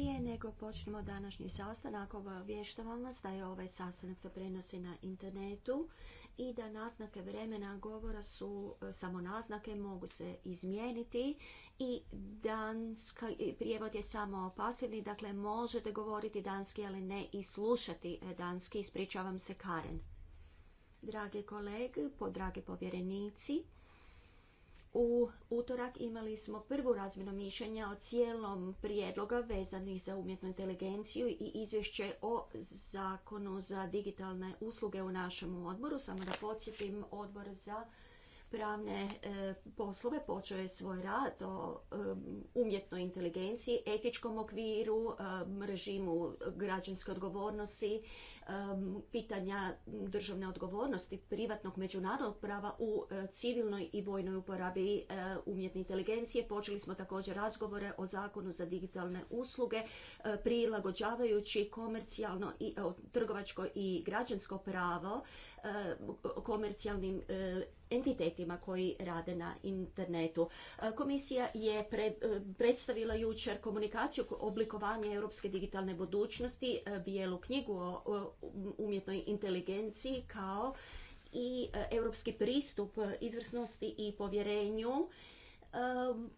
Prije nego počnemo današnji sastanak, obavještavam vas da je ovaj sastanak se prenosi na internetu i da naznake vremena govora su samo naznake, mogu se izmijeniti i danska, prijevod je samo pasivni, dakle možete govoriti danski, ali ne i slušati danski. Ispričavam se Karen. Drage kolege, dragi povjerenici, u utorak imali smo prvu razmjenu mišljenja o cijelom prijedloga vezanih za umjetnu inteligenciju i izvješće o zakonu za digitalne usluge u našem odboru. Samo da podsjetim, odbor za pravne e, poslove počeo je svoj rad o e, umjetnoj inteligenciji, etičkom okviru, e, režimu građanske odgovornosti, pitanja državne odgovornosti privatnog međunarodnog prava u e, civilnoj i vojnoj uporabi e, umjetne inteligencije. Počeli smo također razgovore o zakonu za digitalne usluge, e, prilagođavajući komercijalno i trgovačko i građansko pravo E, komercijalnim e, entitetima koji rade na internetu. E, komisija je predstavila jučer komunikaciju oblikovanja europske digitalne budućnosti, bijelu knjigu o umjetnoj inteligenciji kao i europski pristup izvrsnosti i povjerenju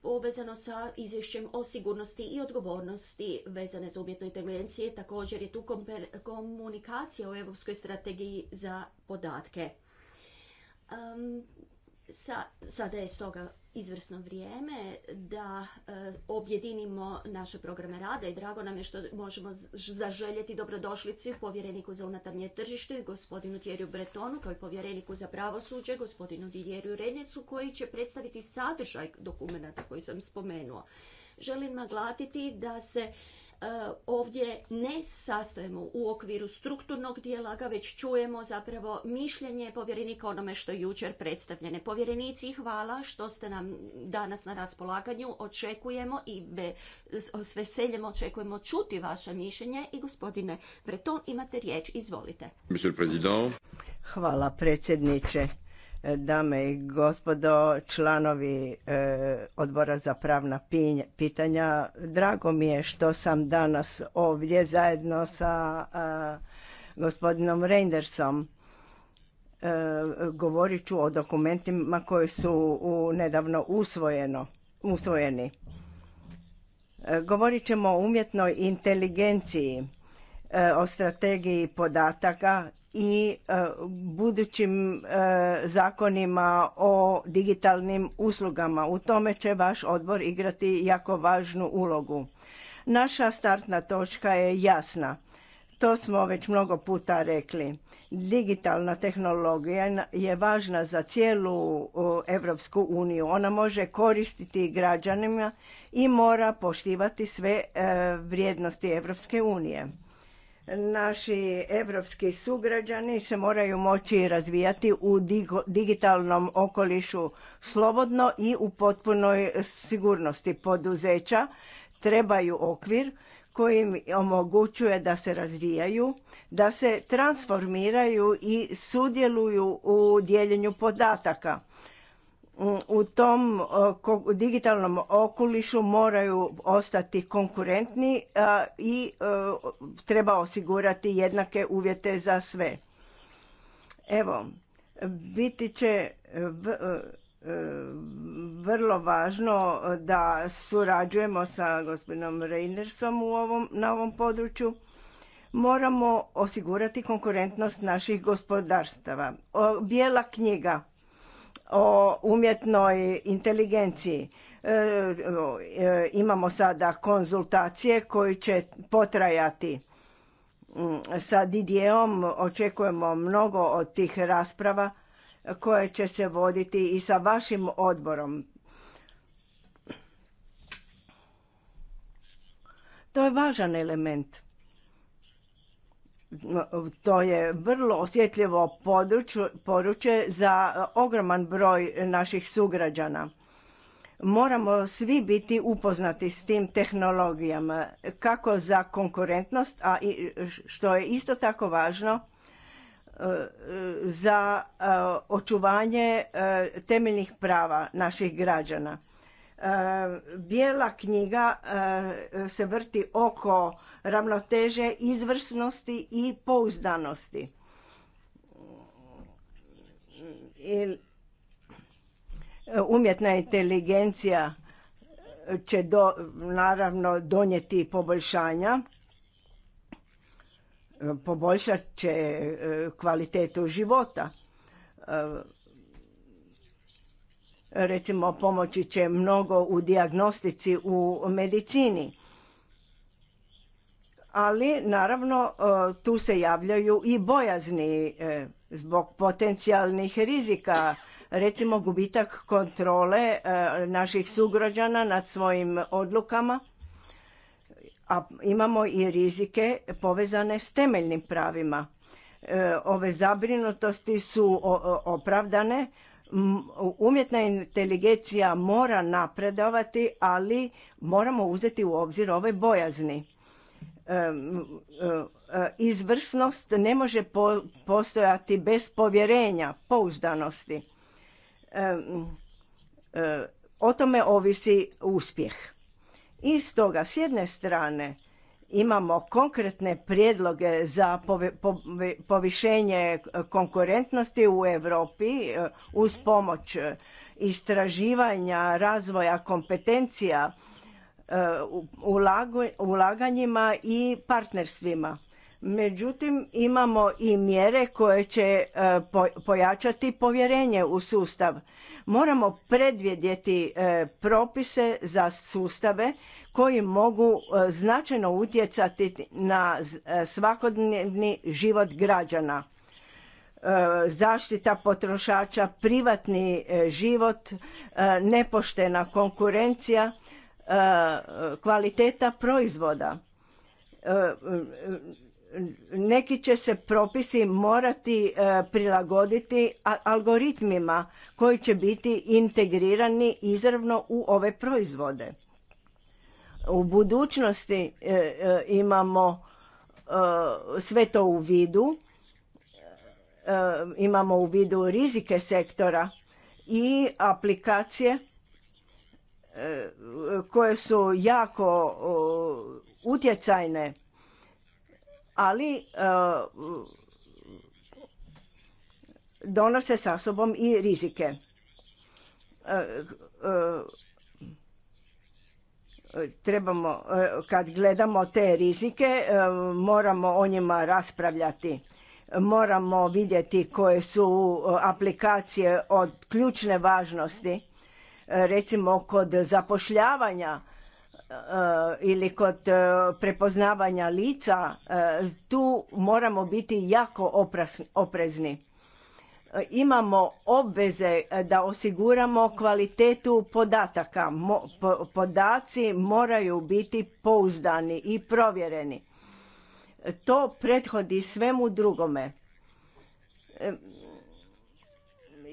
povezano sa izvješćem o sigurnosti i odgovornosti vezane za umjetnu inteligencije. Također je tu komunikacija o europskoj strategiji za podatke. sada je stoga izvrsno vrijeme da e, objedinimo naše programe rada i drago nam je što možemo zaželjeti dobrodošlici povjereniku za unutarnje tržište i gospodinu Tjeriju Bretonu kao i povjereniku za pravosuđe gospodinu Didjeriju Renjecu koji će predstaviti sadržaj dokumenta koji sam spomenuo. Želim naglatiti da se E, ovdje ne sastojemo u okviru strukturnog dijaloga, već čujemo zapravo mišljenje povjerenika onome što je jučer predstavljene. Povjerenici, hvala što ste nam danas na raspolaganju. Očekujemo i s veseljem očekujemo čuti vaše mišljenje. I gospodine Breton, imate riječ. Izvolite. Hvala predsjedniče dame i gospodo, članovi e, odbora za pravna pitanja. Drago mi je što sam danas ovdje zajedno sa e, gospodinom Reindersom. E, govorit ću o dokumentima koji su nedavno usvojeni. govorit ćemo o umjetnoj inteligenciji, o strategiji podataka i e, budućim e, zakonima o digitalnim uslugama. U tome će vaš odbor igrati jako važnu ulogu. Naša startna točka je jasna. To smo već mnogo puta rekli. Digitalna tehnologija je važna za cijelu Evropsku uniju. Ona može koristiti građanima i mora poštivati sve e, vrijednosti Evropske unije naši evropski sugrađani se moraju moći razvijati u digitalnom okolišu slobodno i u potpunoj sigurnosti poduzeća trebaju okvir koji im omogućuje da se razvijaju, da se transformiraju i sudjeluju u dijeljenju podataka u tom digitalnom okolišu moraju ostati konkurentni i e, treba osigurati jednake uvjete za sve. Evo, biti će e, e, vrlo važno da surađujemo sa gospodinom Reinersom u ovom, na ovom području. Moramo osigurati konkurentnost naših gospodarstava. Bijela knjiga o umjetnoj inteligenciji. E, e, imamo sada konzultacije koji će potrajati mm, sa Didijeom. Očekujemo mnogo od tih rasprava koje će se voditi i sa vašim odborom. To je važan element to je vrlo osjetljivo područje za ogroman broj naših sugrađana. Moramo svi biti upoznati s tim tehnologijama, kako za konkurentnost, a što je isto tako važno, e, za e, očuvanje e, temeljnih prava naših građana. Eh, bijela knjiga eh, se vrti oko ravnoteže izvrsnosti i pouzdanosti. Eh, umjetna inteligencija će do, naravno donijeti poboljšanja, poboljšat će kvalitetu života recimo pomoći će mnogo u dijagnostici u medicini. Ali naravno e, tu se javljaju i bojazni e, zbog potencijalnih rizika, recimo gubitak kontrole e, naših sugrađana nad svojim odlukama, a imamo i rizike povezane s temeljnim pravima. Ove zabrinutosti su opravdane, umjetna inteligencija mora napredovati, ali moramo uzeti u obzir ove bojazni. E, e, izvrsnost ne može postojati bez povjerenja, pouzdanosti. E, o tome ovisi uspjeh. I stoga, s jedne strane, imamo konkretne prijedloge za povišenje konkurentnosti u Europi e, uz pomoć e, istraživanja, razvoja kompetencija, e, ulaganjima i partnerstvima. Međutim, imamo i mjere koje će pojačati povjerenje u sustav. Moramo predvidjeti propise za sustave koji mogu e, značajno utjecati na e, svakodnevni život građana. E, zaštita potrošača, privatni život, nepoštena konkurencija, kvaliteta proizvoda. Neki će se propisi morati prilagoditi algoritmima koji će biti integrirani izravno u ove proizvode u budućnosti e, e, imamo e, sve to u vidu, imamo u vidu rizike sektora i aplikacije koje su jako utjecajne, ali donose sa sobom i rizike trebamo, e, kad gledamo te rizike, e, moramo o njima raspravljati. Moramo vidjeti koje su e, aplikacije od ključne važnosti, recimo kod zapošljavanja ili kod prepoznavanja lica, tu moramo biti jako oprezni imamo obveze e, da osiguramo kvalitetu podataka. podaci moraju biti pouzdani i provjereni. To prethodi svemu drugome. E,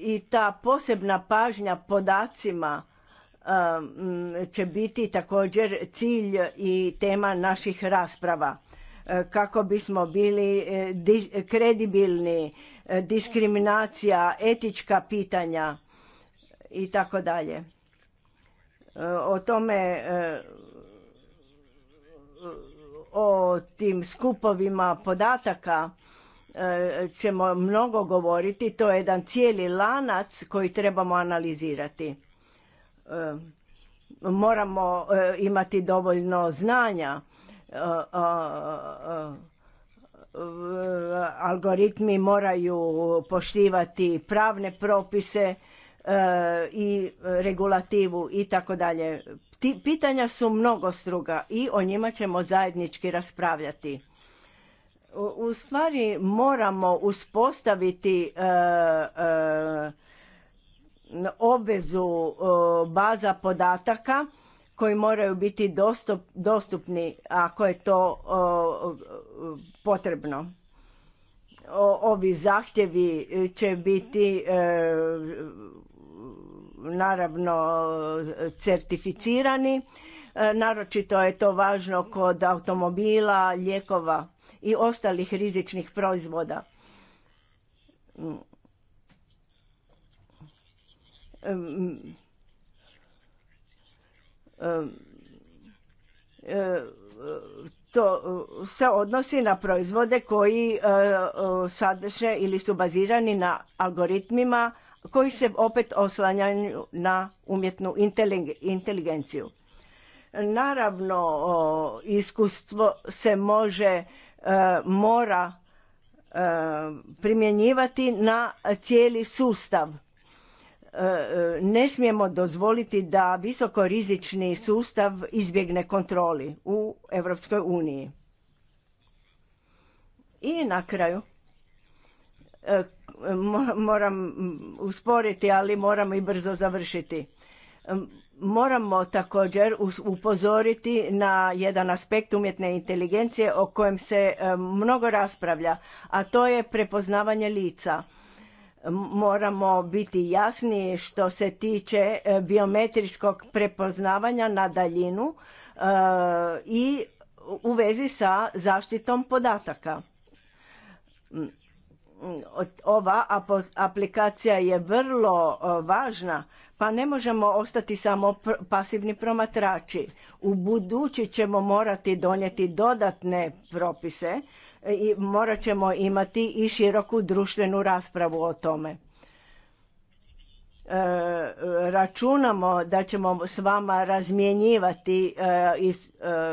I ta posebna pažnja podacima e, će biti također cilj i tema naših rasprava kako bismo bili kredibilni diskriminacija, etička pitanja i tako dalje. E, o tome e, o tim skupovima podataka e, ćemo mnogo govoriti, to je jedan cijeli lanac koji trebamo analizirati. Moramo imati dovoljno znanja Eh, algoritmi moraju poštivati pravne propise eh, i regulativu i tako dalje. Pitanja su mnogostruga i o njima ćemo zajednički raspravljati. U stvari moramo uspostaviti eh, obvezu baza podataka koji moraju biti dostupni ako je to potrebno. ovi zahtjevi će biti e, naravno certificirani. E, naročito je to važno kod automobila, lijekova i ostalih rizičnih proizvoda. Mm. Mm to se odnosi na proizvode koji e, e, sadrže ili su bazirani na algoritmima koji se opet oslanjaju na umjetnu inteligenciju. Naravno, iskustvo se može, e, mora primjenjivati na cijeli sustav ne smijemo dozvoliti da visokorizični sustav izbjegne kontroli u Europskoj uniji. I na kraju e, moram usporiti, ali moram i brzo završiti. Moramo također upozoriti na jedan aspekt umjetne inteligencije o kojem se e, mnogo raspravlja, a to je prepoznavanje lica moramo biti jasniji što se tiče e, biometrijskog prepoznavanja na daljinu e, i u vezi sa zaštitom podataka. Ova aplikacija je vrlo e, važna, pa ne možemo ostati samo pasivni promatrači. U budući ćemo morati donijeti dodatne propise i morat ćemo imati i široku društvenu raspravu o tome. E, računamo da ćemo s vama razmjenjivati e, e,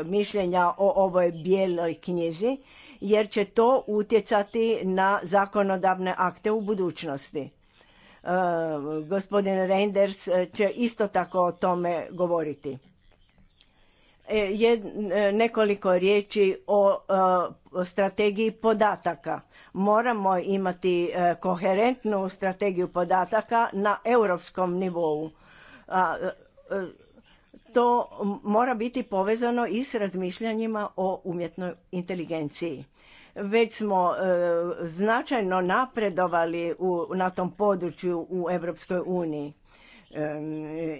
mišljenja o ovoj bijeloj knjizi jer će to utjecati na zakonodavne akte u budućnosti. E, gospodin Reinders će isto tako o tome govoriti. E, je e, nekoliko riječi e, o, strategiji podataka. Moramo imati koherentnu strategiju podataka na europskom nivou. A, to mora biti povezano i s razmišljanjima o umjetnoj inteligenciji. Već smo značajno napredovali na tom području u Europskoj uniji.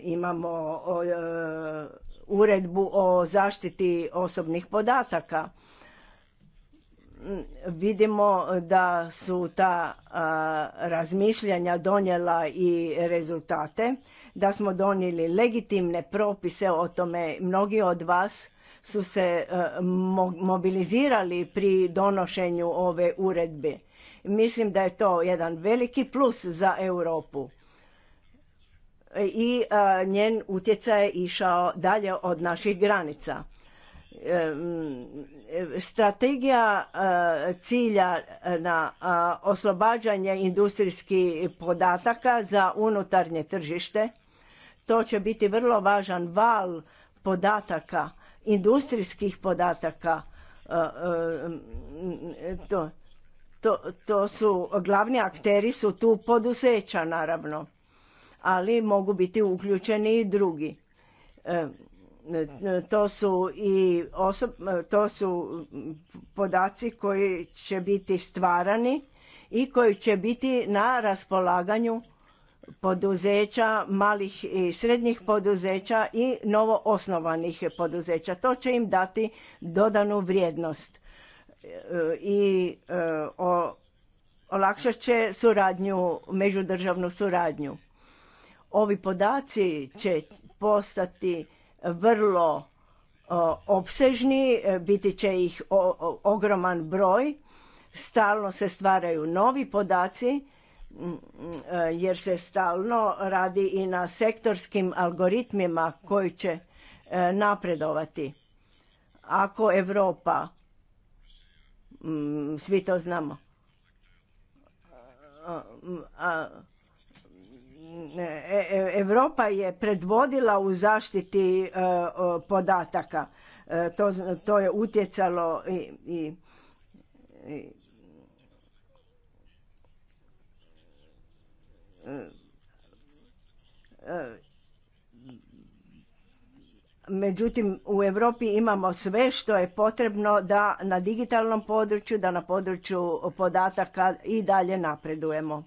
imamo uredbu o zaštiti osobnih podataka vidimo da su ta razmišljanja donijela i rezultate da smo donijeli legitimne propise o tome mnogi od vas su se mobilizirali pri donošenju ove uredbe mislim da je to jedan veliki plus za Europu i njen utjecaj je išao dalje od naših granica. Strategija cilja na oslobađanje industrijskih podataka za unutarnje tržište, to će biti vrlo važan val podataka, industrijskih podataka. To, su glavni akteri su tu poduzeća naravno ali mogu biti uključeni i drugi. E, e, to su i e, to su podaci koji će biti stvarani i koji će biti na raspolaganju poduzeća, malih i srednjih poduzeća i novo osnovanih poduzeća. To će im dati dodanu vrijednost i olakšat će suradnju, međudržavnu suradnju. Ovi podaci će postati vrlo opsežni, e, biti će ih ogroman broj, stalno se stvaraju novi podaci e, jer se stalno radi i na sektorskim algoritmima koji će e, napredovati. Ako Europa, svi to znamo, Europa e, je predvodila u zaštiti e, podataka. E, to, je utjecalo i, i međutim u Europi imamo sve što je potrebno da na digitalnom području, da na području podataka i dalje napredujemo.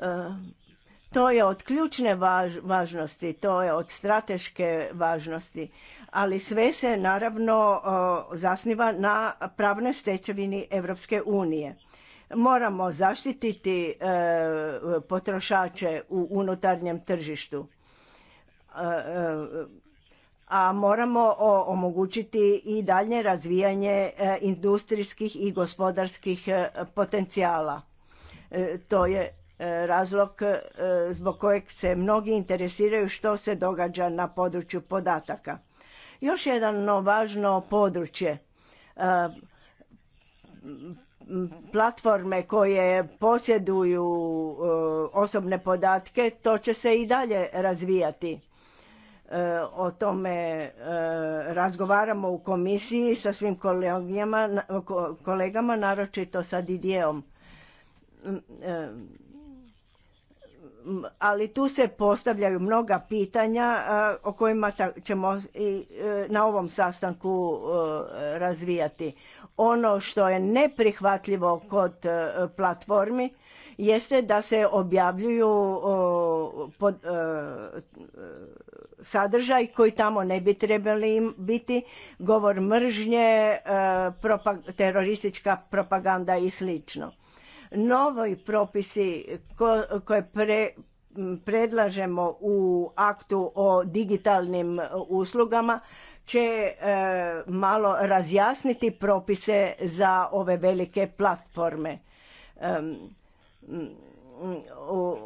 E, to je od ključne važnosti, to je od strateške važnosti, ali sve se naravno zasniva na pravne stečevini Europske unije. Moramo zaštititi e, potrošače u unutarnjem tržištu e, a moramo omogućiti i dalje razvijanje industrijskih i gospodarskih potencijala. To je E, razlog e, zbog kojeg se mnogi interesiraju što se događa na području podataka. Još jedno važno područje e, platforme koje posjeduju osobne podatke, to će se i dalje razvijati. O tome razgovaramo u komisiji sa svim kolegama, naročito sa Didijeom ali tu se postavljaju mnoga pitanja o kojima ćemo i e, na ovom sastanku e, razvijati. Ono što je neprihvatljivo kod e, platformi jeste da se objavljuju pod, sadržaj koji tamo ne bi trebali biti, govor mržnje, teroristička propaganda i slično Novi propisi koje predlažemo u aktu o digitalnim uslugama će e, malo razjasniti propise za ove velike platforme. u,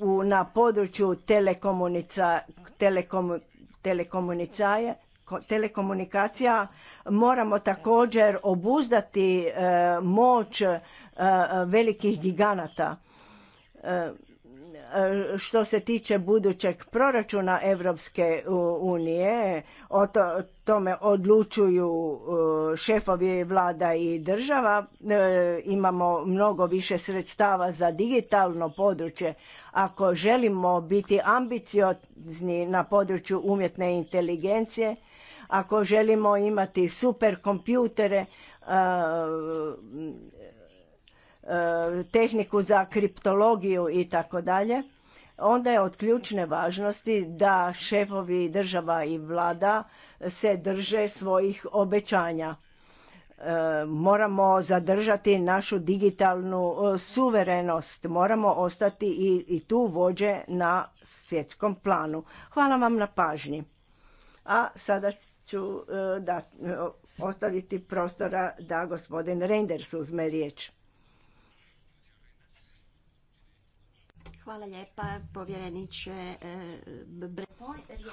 u, na području telekomunica, telekom, telekomunicaje telekomunikacija moramo također obuzdati e, moć e, velikih giganata e, što se tiče budućeg proračuna Evropske unije, o tome odlučuju šefovi vlada i država. Imamo mnogo više sredstava za digitalno područje. Ako želimo biti ambiciozni na području umjetne inteligencije, ako želimo imati super kompjutere, tehniku za kriptologiju i tako dalje, onda je od ključne važnosti da šefovi država i vlada se drže svojih obećanja. E, moramo zadržati našu digitalnu e, suverenost, moramo ostati i, i tu vođe na svjetskom planu. Hvala vam na pažnji. A sada ću e, da, e, ostaviti prostora da gospodin Renders uzme riječ. Hvala lijepa, povjereniče e,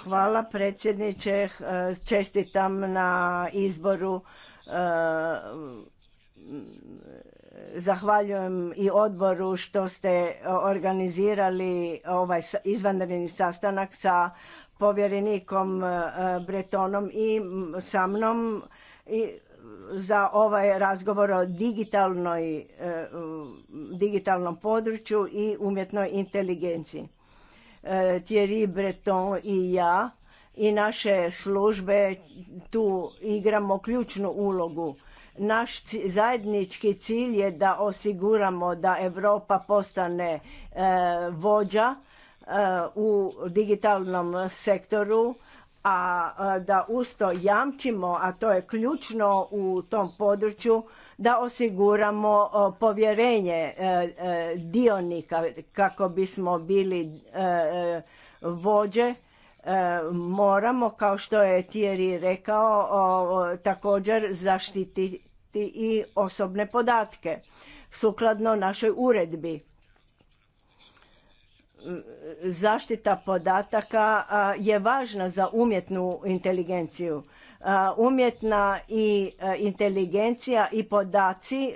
Hvala predsjedniče, čestitam na izboru. Zahvaljujem i odboru što ste organizirali ovaj izvanredni sastanak sa povjerenikom e, Bretonom i sa mnom i za ovaj razgovor o e, digitalnom području i umjetnoj inteligenciji. E, Thierry Breton i ja i naše službe tu igramo ključnu ulogu. Naš zajednički cilj je da osiguramo da Europa postane vođa u digitalnom sektoru, a da usto jamčimo, a to je ključno u tom području, da osiguramo povjerenje e, e, dionika kako bismo bili e, vođe. Moramo, kao što je Thierry rekao, također zaštititi i osobne podatke sukladno našoj uredbi zaštita podataka je važna za umjetnu inteligenciju. Umjetna i e, inteligencija i podaci e,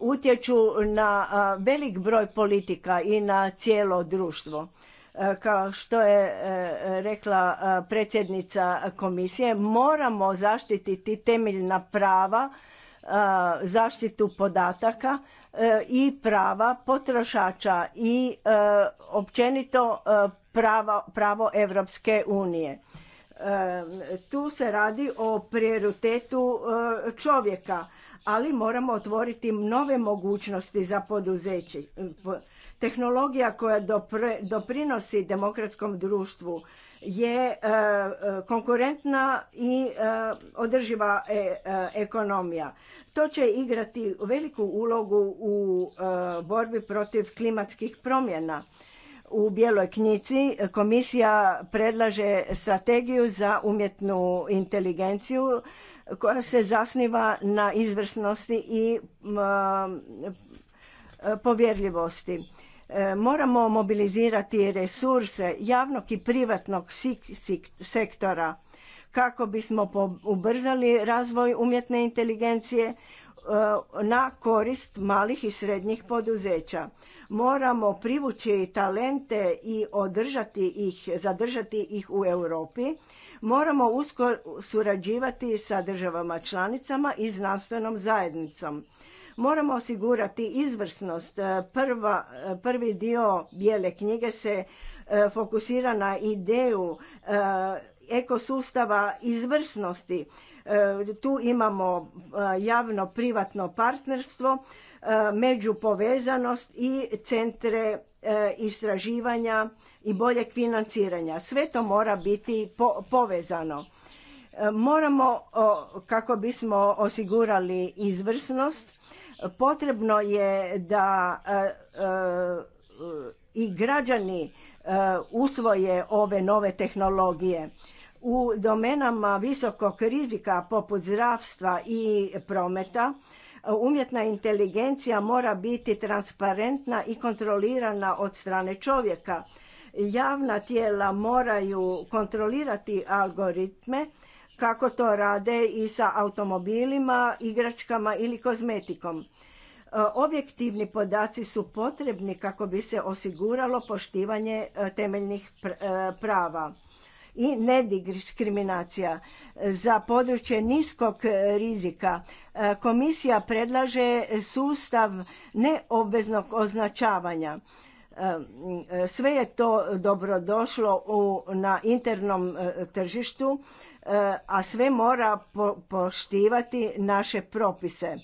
utječu na velik broj politika i na cijelo društvo. E, kao što je rekla predsjednica komisije, moramo zaštititi temeljna prava, zaštitu podataka, E, i prava potrošača i e, općenito e, pravo, pravo Evropske unije. Tu se radi o prioritetu čovjeka, ali moramo otvoriti nove mogućnosti za poduzeće. Tehnologija koja doprinosi demokratskom društvu je e, e, konkurentna i e, održiva ekonomija. To će igrati veliku ulogu u borbi protiv klimatskih promjena. U Bijeloj knjici komisija predlaže strategiju za umjetnu inteligenciju koja se zasniva na izvrsnosti i povjerljivosti E, moramo mobilizirati resurse javnog i privatnog sektora kako bismo ubrzali razvoj umjetne inteligencije e, na korist malih i srednjih poduzeća. Moramo privući talente i održati ih, zadržati ih u Europi. Moramo usko surađivati sa državama članicama i znanstvenom zajednicom. Moramo osigurati izvrsnost. E, prva, e, prvi dio bijele knjige se e, fokusira na ideju ekosustava izvrsnosti. Tu imamo javno-privatno partnerstvo, međupovezanost i centre istraživanja i boljeg financiranja. Sve to mora biti povezano. Moramo, kako bismo osigurali izvrsnost, Potrebno je da e, e, i građani e, usvoje ove nove tehnologije. U domenama visokog rizika poput zdravstva i prometa umjetna inteligencija mora biti transparentna i kontrolirana od strane čovjeka. Javna tijela moraju kontrolirati algoritme kako to rade i sa automobilima, igračkama ili kozmetikom. E, objektivni podaci su potrebni kako bi se osiguralo poštivanje e, temeljnih e, prava i nediskriminacija. Za područje niskog rizika komisija predlaže sustav neobveznog označavanja. Sve je to dobrodošlo u, na internom tržištu E, a sve mora poštivati naše propise.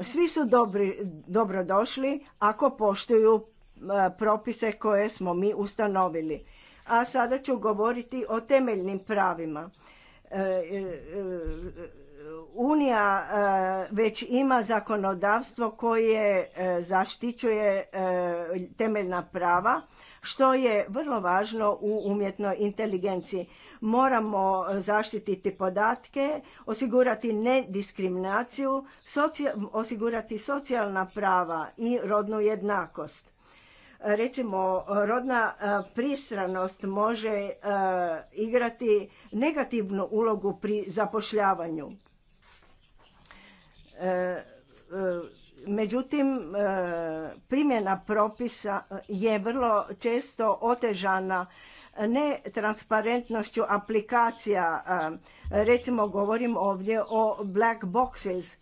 Svi su dobri, dobrodošli ako poštuju e, propise koje smo mi ustanovili. A sada ću govoriti o temeljnim pravima. E, Unija već ima zakonodavstvo koje zaštićuje temeljna prava, što je vrlo važno u umjetnoj inteligenciji. Moramo e, zaštititi podatke, osigurati nediskriminaciju, osigurati socijalna prava i rodnu jednakost recimo rodna e, pristranost može e, igrati negativnu ulogu pri zapošljavanju Međutim, e, primjena propisa je vrlo često otežana ne transparentnošću aplikacija. E, recimo, govorim ovdje o black boxes.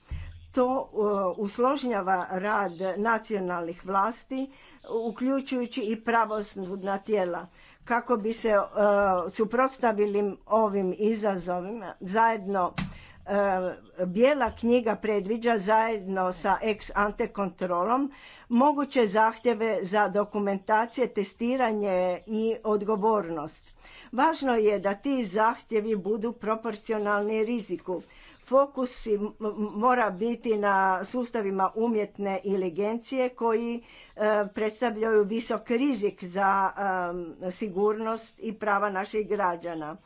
To e, usložnjava rad nacionalnih vlasti, uključujući i pravosudna tijela. Kako bi se suprotstavili ovim izazovima, zajedno E, bijela knjiga predviđa zajedno sa ex ante kontrolom moguće zahtjeve za dokumentacije, testiranje i odgovornost. Važno je da ti zahtjevi budu proporcionalni riziku. Fokus mora biti na sustavima umjetne inteligencije koji e, predstavljaju visok rizik za e, sigurnost i prava naših građana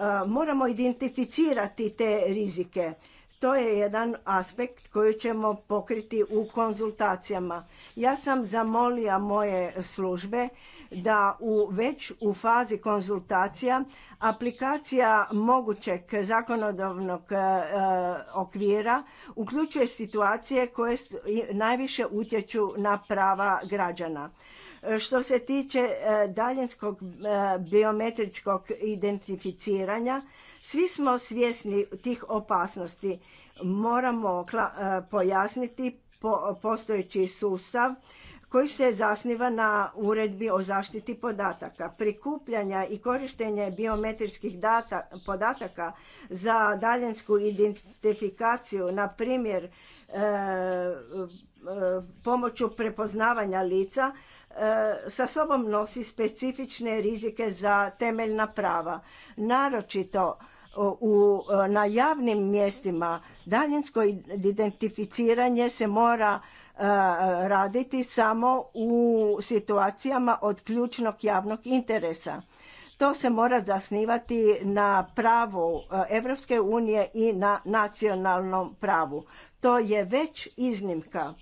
Moramo identificirati te rizike. To je jedan aspekt koji ćemo pokriti u konzultacijama. Ja sam zamolila moje službe da u, već u fazi konzultacija aplikacija mogućeg zakonodavnog okvira uključuje situacije koje najviše utječu na prava građana. Što se tiče e, daljinskog e, biometričkog identificiranja, svi smo svjesni tih opasnosti. Moramo e, pojasniti postojeći sustav koji se zasniva na uredbi o zaštiti podataka. Prikupljanja i korištenje biometrijskih podataka za daljinsku identifikaciju, na primjer pomoću prepoznavanja lica, sa sobom nosi specifične rizike za temeljna prava. Naročito u, na javnim mjestima daljinsko identificiranje se mora e, raditi samo u situacijama od ključnog javnog interesa. To se mora zasnivati na pravu e, Evropske unije i na nacionalnom pravu. To je već iznimka.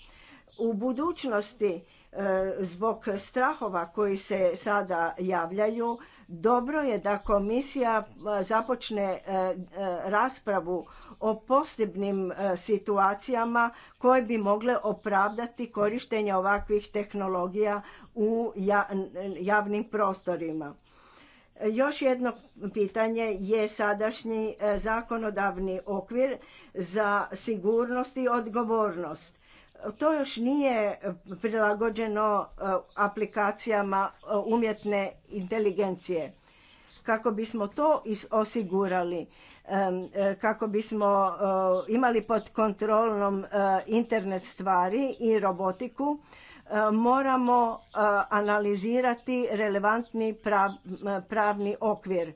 U budućnosti E, zbog strahova koji se sada javljaju, dobro je da komisija e, započne e, raspravu o posebnim situacijama koje bi mogle opravdati korištenje ovakvih tehnologija u javnim prostorima. Još jedno pitanje je sadašnji zakonodavni okvir za sigurnost i odgovornost. To još nije eh, prilagođeno eh, aplikacijama eh, umjetne inteligencije. Kako bismo to osigurali, kako bismo imali pod kontrolom internet stvari i robotiku, moramo analizirati relevantni pravni okvir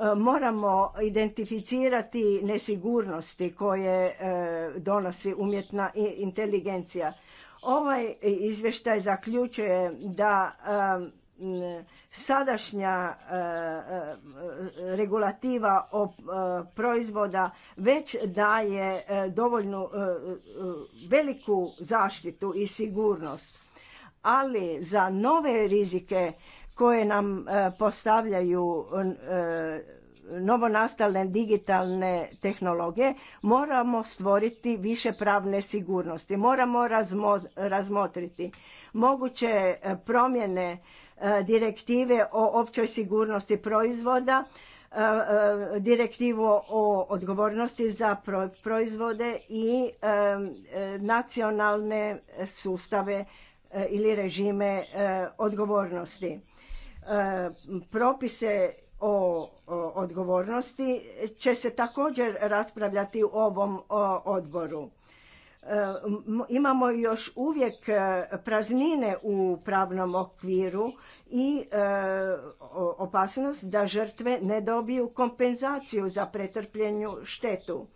E, moramo identificirati nesigurnosti koje e, donosi umjetna inteligencija. Ovaj izvještaj zaključuje da e, sadašnja regulativa o proizvoda već daje dovoljnu veliku zaštitu i sigurnost. Ali za nove rizike koje nam e, postavljaju e, novonastalne digitalne tehnologije, moramo stvoriti više pravne sigurnosti. Moramo razmotriti moguće e, promjene direktive o općoj sigurnosti proizvoda, direktivu o odgovornosti za proizvode i nacionalne sustave ili režime odgovornosti propise o odgovornosti će se također raspravljati u ovom odboru. E, imamo još uvijek e, praznine u pravnom okviru i e, opasnost da žrtve ne dobiju kompenzaciju za pretrpljenju štetu.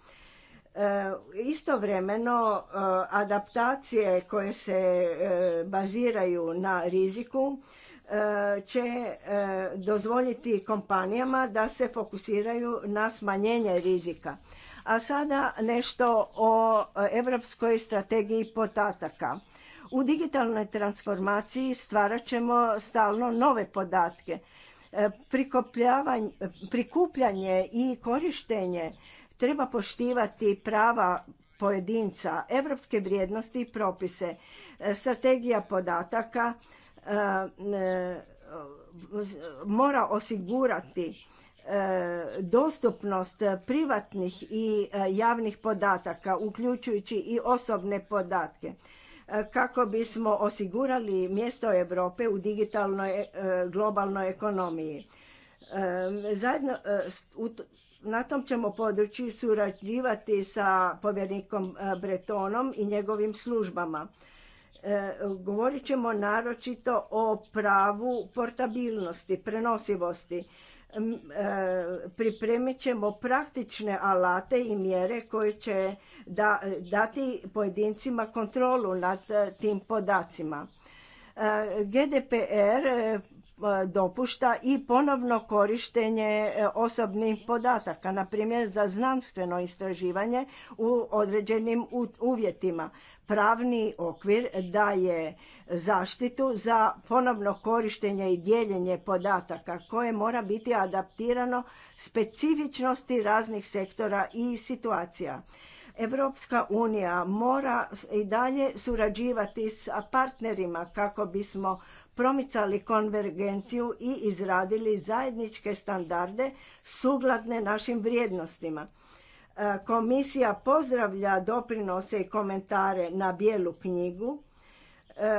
Istovremeno adaptacije koje se baziraju na riziku će e, dozvoliti kompanijama da se fokusiraju na smanjenje rizika. A sada nešto o Europskoj strategiji podataka. U digitalnoj transformaciji stvarat ćemo stalno nove podatke. E, prikupljanje i korištenje treba poštivati prava pojedinca, evropske vrijednosti i propise. E, strategija podataka Eh, mora osigurati eh, dostupnost privatnih i eh, javnih podataka, uključujući i osobne podatke, kako bismo osigurali mjesto Europe u digitalnoj globalnoj ekonomiji. Zajedno na tom ćemo području surađivati sa povjernikom Bretonom i njegovim službama E, govorit ćemo naročito o pravu portabilnosti, prenosivosti. E, pripremit ćemo praktične alate i mjere koje će dati pojedincima kontrolu nad e, tim podacima. GDPR dopušta i ponovno korištenje osobnih podataka, na primjer za znanstveno istraživanje u određenim uvjetima pravni okvir daje zaštitu za ponovno korištenje i dijeljenje podataka koje mora biti adaptirano specifičnosti raznih sektora i situacija. Europska unija mora i dalje surađivati s partnerima kako bismo promicali konvergenciju i izradili zajedničke standarde sugladne našim vrijednostima. E, komisija pozdravlja doprinose i komentare na bijelu knjigu e,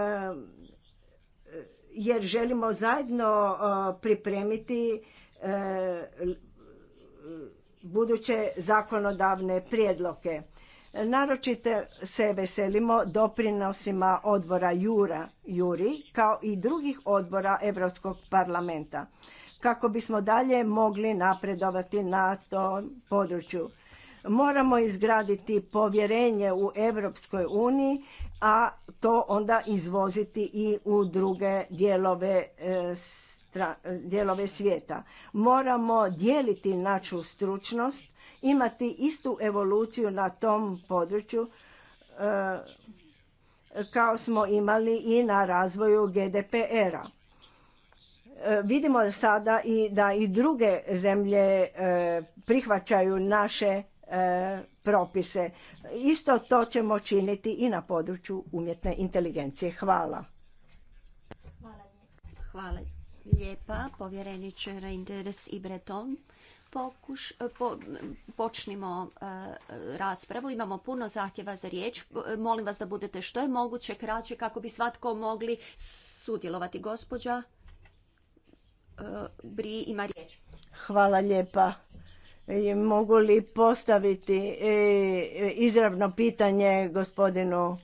jer želimo zajedno e, pripremiti buduće zakonodavne prijedloge. Naročite se veselimo doprinosima odbora Jura, Juri kao i drugih odbora Europskog parlamenta kako bismo dalje mogli napredovati na tom području. Moramo izgraditi povjerenje u Europskoj uniji, a to onda izvoziti i u druge dijelove, e, dijelove svijeta. Moramo dijeliti našu stručnost, imati istu evoluciju na tom području e, kao smo imali i na razvoju GDPR-a. E, vidimo sada i da i druge zemlje prihvaćaju naše E, propise. Isto to ćemo činiti i na području umjetne inteligencije. Hvala. Hvala. lijepa, povjereniče Reinders i Breton. Pokuš, e, počnimo e, raspravu. Imamo puno zahtjeva za riječ. Molim vas da budete što je moguće kraće kako bi svatko mogli sudjelovati. Gospođa Bri ima riječ. Hvala lijepa. E, mogu li postaviti e, izravno pitanje gospodinu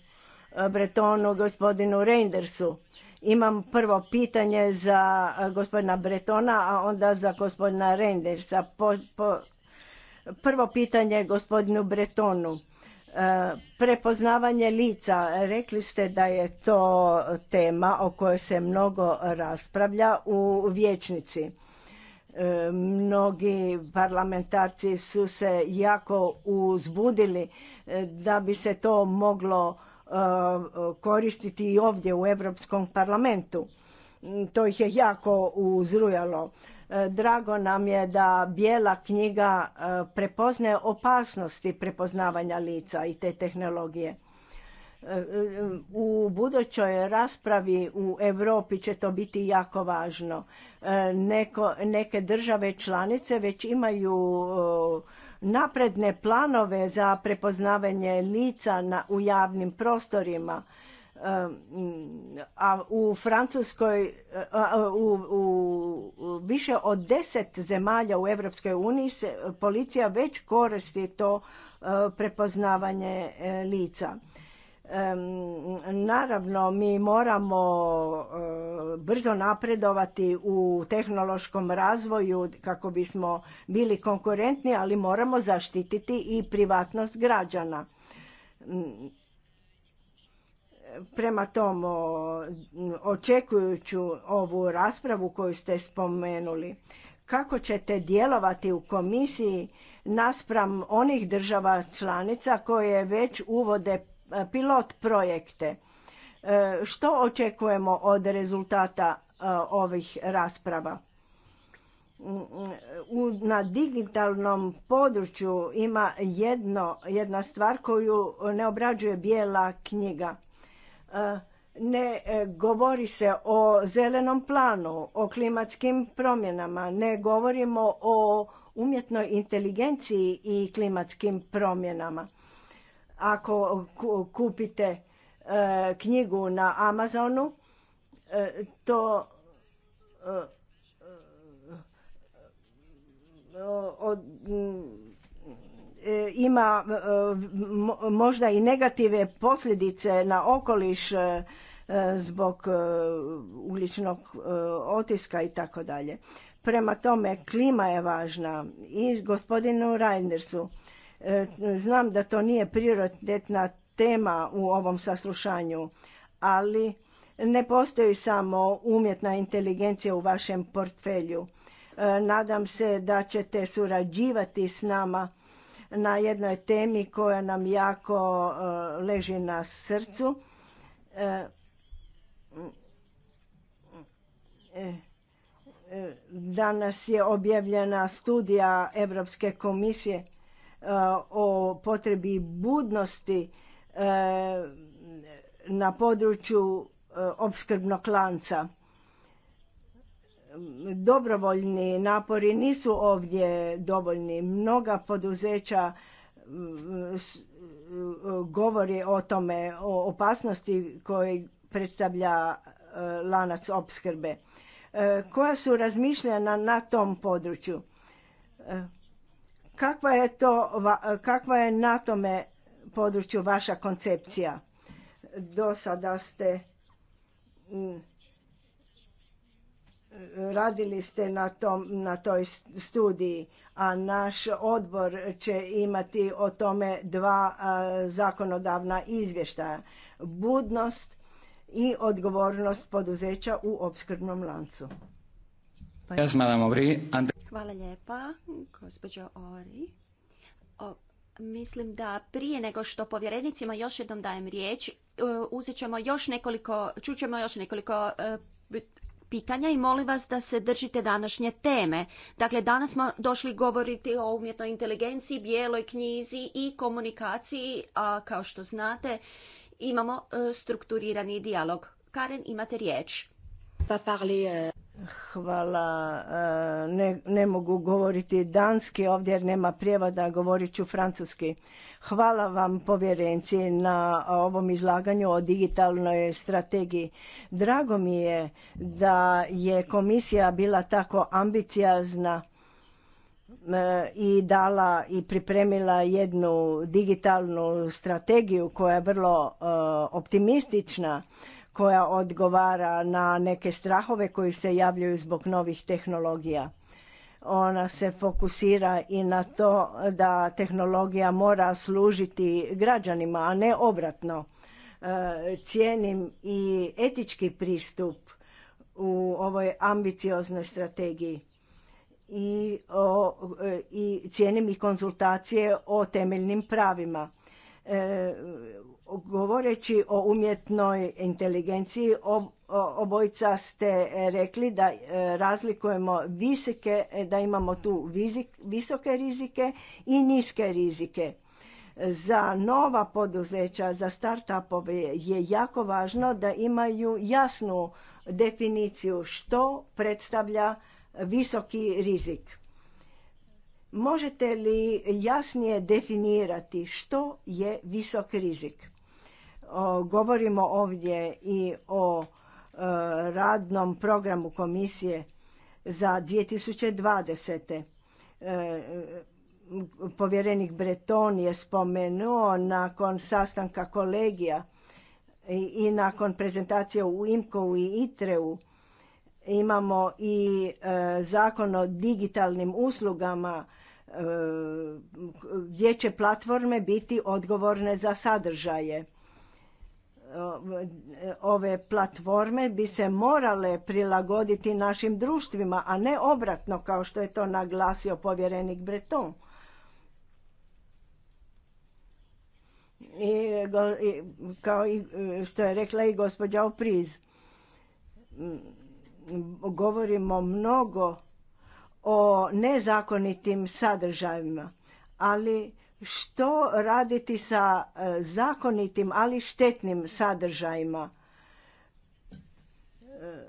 e, Bretonu, gospodinu Reindersu. Imam prvo pitanje za gospodina Bretona, a onda za gospodina Reindersa. Po, prvo pitanje gospodinu Bretonu. prepoznavanje lica. Rekli ste da je to tema o kojoj se mnogo raspravlja u vječnici. E, mnogi parlamentarci su se jako uzbudili e, da bi se to moglo e, koristiti i ovdje u Europskom parlamentu. Mm, to ih je jako uzrujalo. Drago nam je da bijela knjiga prepoznaje opasnosti prepoznavanja lica i te tehnologije. U budućoj raspravi u Europi će to biti jako važno. E, neko, neke države članice već imaju napredne planove za prepoznavanje lica na, u javnim prostorima e, a u Francuskoj, u, u više od deset zemalja u Europskoj uniji se policija već koristi to e, prepoznavanje lica. Naravno, mi moramo e, brzo napredovati u tehnološkom razvoju kako bismo bili konkurentni, ali moramo zaštititi i privatnost građana. Prema tom očekujući ovu raspravu koju ste spomenuli, kako ćete djelovati u komisiji naspram onih država članica koje već uvode E, pilot projekte. E, što očekujemo od rezultata e, ovih rasprava? na digitalnom području ima jedno, jedna stvar koju ne obrađuje bijela knjiga. Ne govori se o zelenom planu, o klimatskim promjenama, ne govorimo o umjetnoj inteligenciji i klimatskim promjenama. Ako kupite e, knjigu na Amazonu, e, to e, ima možda i negative posljedice na okoliš zbog ugljičnog otiska i tako dalje. Prema tome klima je važna i gospodinu Reindersu. E, znam da to nije prioritetna tema u ovom saslušanju, ali ne postoji samo umjetna inteligencija u vašem portfelju. E, nadam se da ćete surađivati s nama na jednoj temi koja nam jako e, leži na srcu. Danas je objavljena studija Europske komisije o potrebi budnosti e, na području e, opskrbnog lanca. Dobrovoljni napori nisu ovdje dovoljni. Mnoga poduzeća mm, e, govori o tome, o opasnosti koje predstavlja lanac opskrbe. Koja su razmišljena na tom području? Kakva je, to, kakva je na tome području vaša koncepcija? Do sada ste mm, radili ste na, tom, na toj studiji, a naš odbor će imati o tome dva zakonodavna izvještaja. Budnost i odgovornost poduzeća u opskrbnom lancu. Pa Hvala lijepa, gospođo Ori. mislim da prije nego što povjerenicima još jednom dajem riječ, e, uzet ćemo još nekoliko, čućemo još nekoliko e, pitanja i molim vas da se držite današnje teme. Dakle, danas smo došli govoriti o umjetnoj inteligenciji, bijeloj knjizi i komunikaciji, a kao što znate imamo e, strukturirani dijalog. Karen, imate riječ. Pa euh, Hvala, eh, ne, mogu govoriti danski ovdje jer nema prijevoda, govorit ću francuski. Hvala vam povjerenci na ovom izlaganju o digitalnoj strategiji. Drago mi je da je komisija bila tako ambiciozna eh, i dala i pripremila jednu digitalnu strategiju koja je vrlo eh, optimistična koja odgovara na neke strahove koji se javljaju zbog novih tehnologija. Ona se fokusira i na to da tehnologija mora služiti građanima, a ne obratno. E, cijenim i etički pristup u ovoj ambicioznoj strategiji i, e, i cijenim i konzultacije o temeljnim pravima E, govoreći o umjetnoj inteligenciji, obojica ste rekli da e, razlikujemo visike, e, da imamo tu visoke rizike i niske rizike. Za nova poduzeća, za start-upove je jako važno da imaju jasnu definiciju što predstavlja visoki rizik. Možete li jasnije definirati što je visok rizik? govorimo ovdje i o e, radnom programu komisije za 2020. E, povjerenik Breton je spomenuo nakon sastanka kolegija i, nakon prezentacije u IMKO-u i Itreu Imamo i e, zakon o digitalnim uslugama e, gdje će platforme biti odgovorne za sadržaje. E, ove platforme bi se morale prilagoditi našim društvima, a ne obratno kao što je to naglasio povjerenik Breton. I, kao što je rekla i gospođa Opriz govorimo mnogo o nezakonitim sadržajima, ali što raditi sa e, zakonitim, ali štetnim sadržajima? E,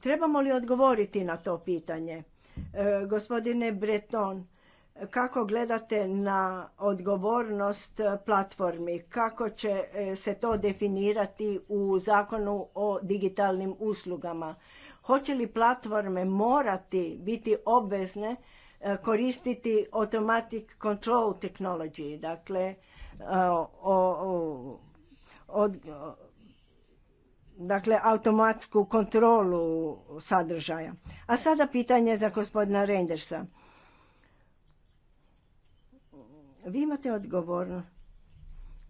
trebamo li odgovoriti na to pitanje? E, gospodine Breton, kako gledate na odgovornost platformi, kako će e, se to definirati u zakonu o digitalnim uslugama. Hoće li platforme morati biti obvezne e, koristiti automatic control technology, dakle e, o, dakle automatsku kontrolu sadržaja. A sada pitanje za gospodina Rendersa. Vi imate odgovornost.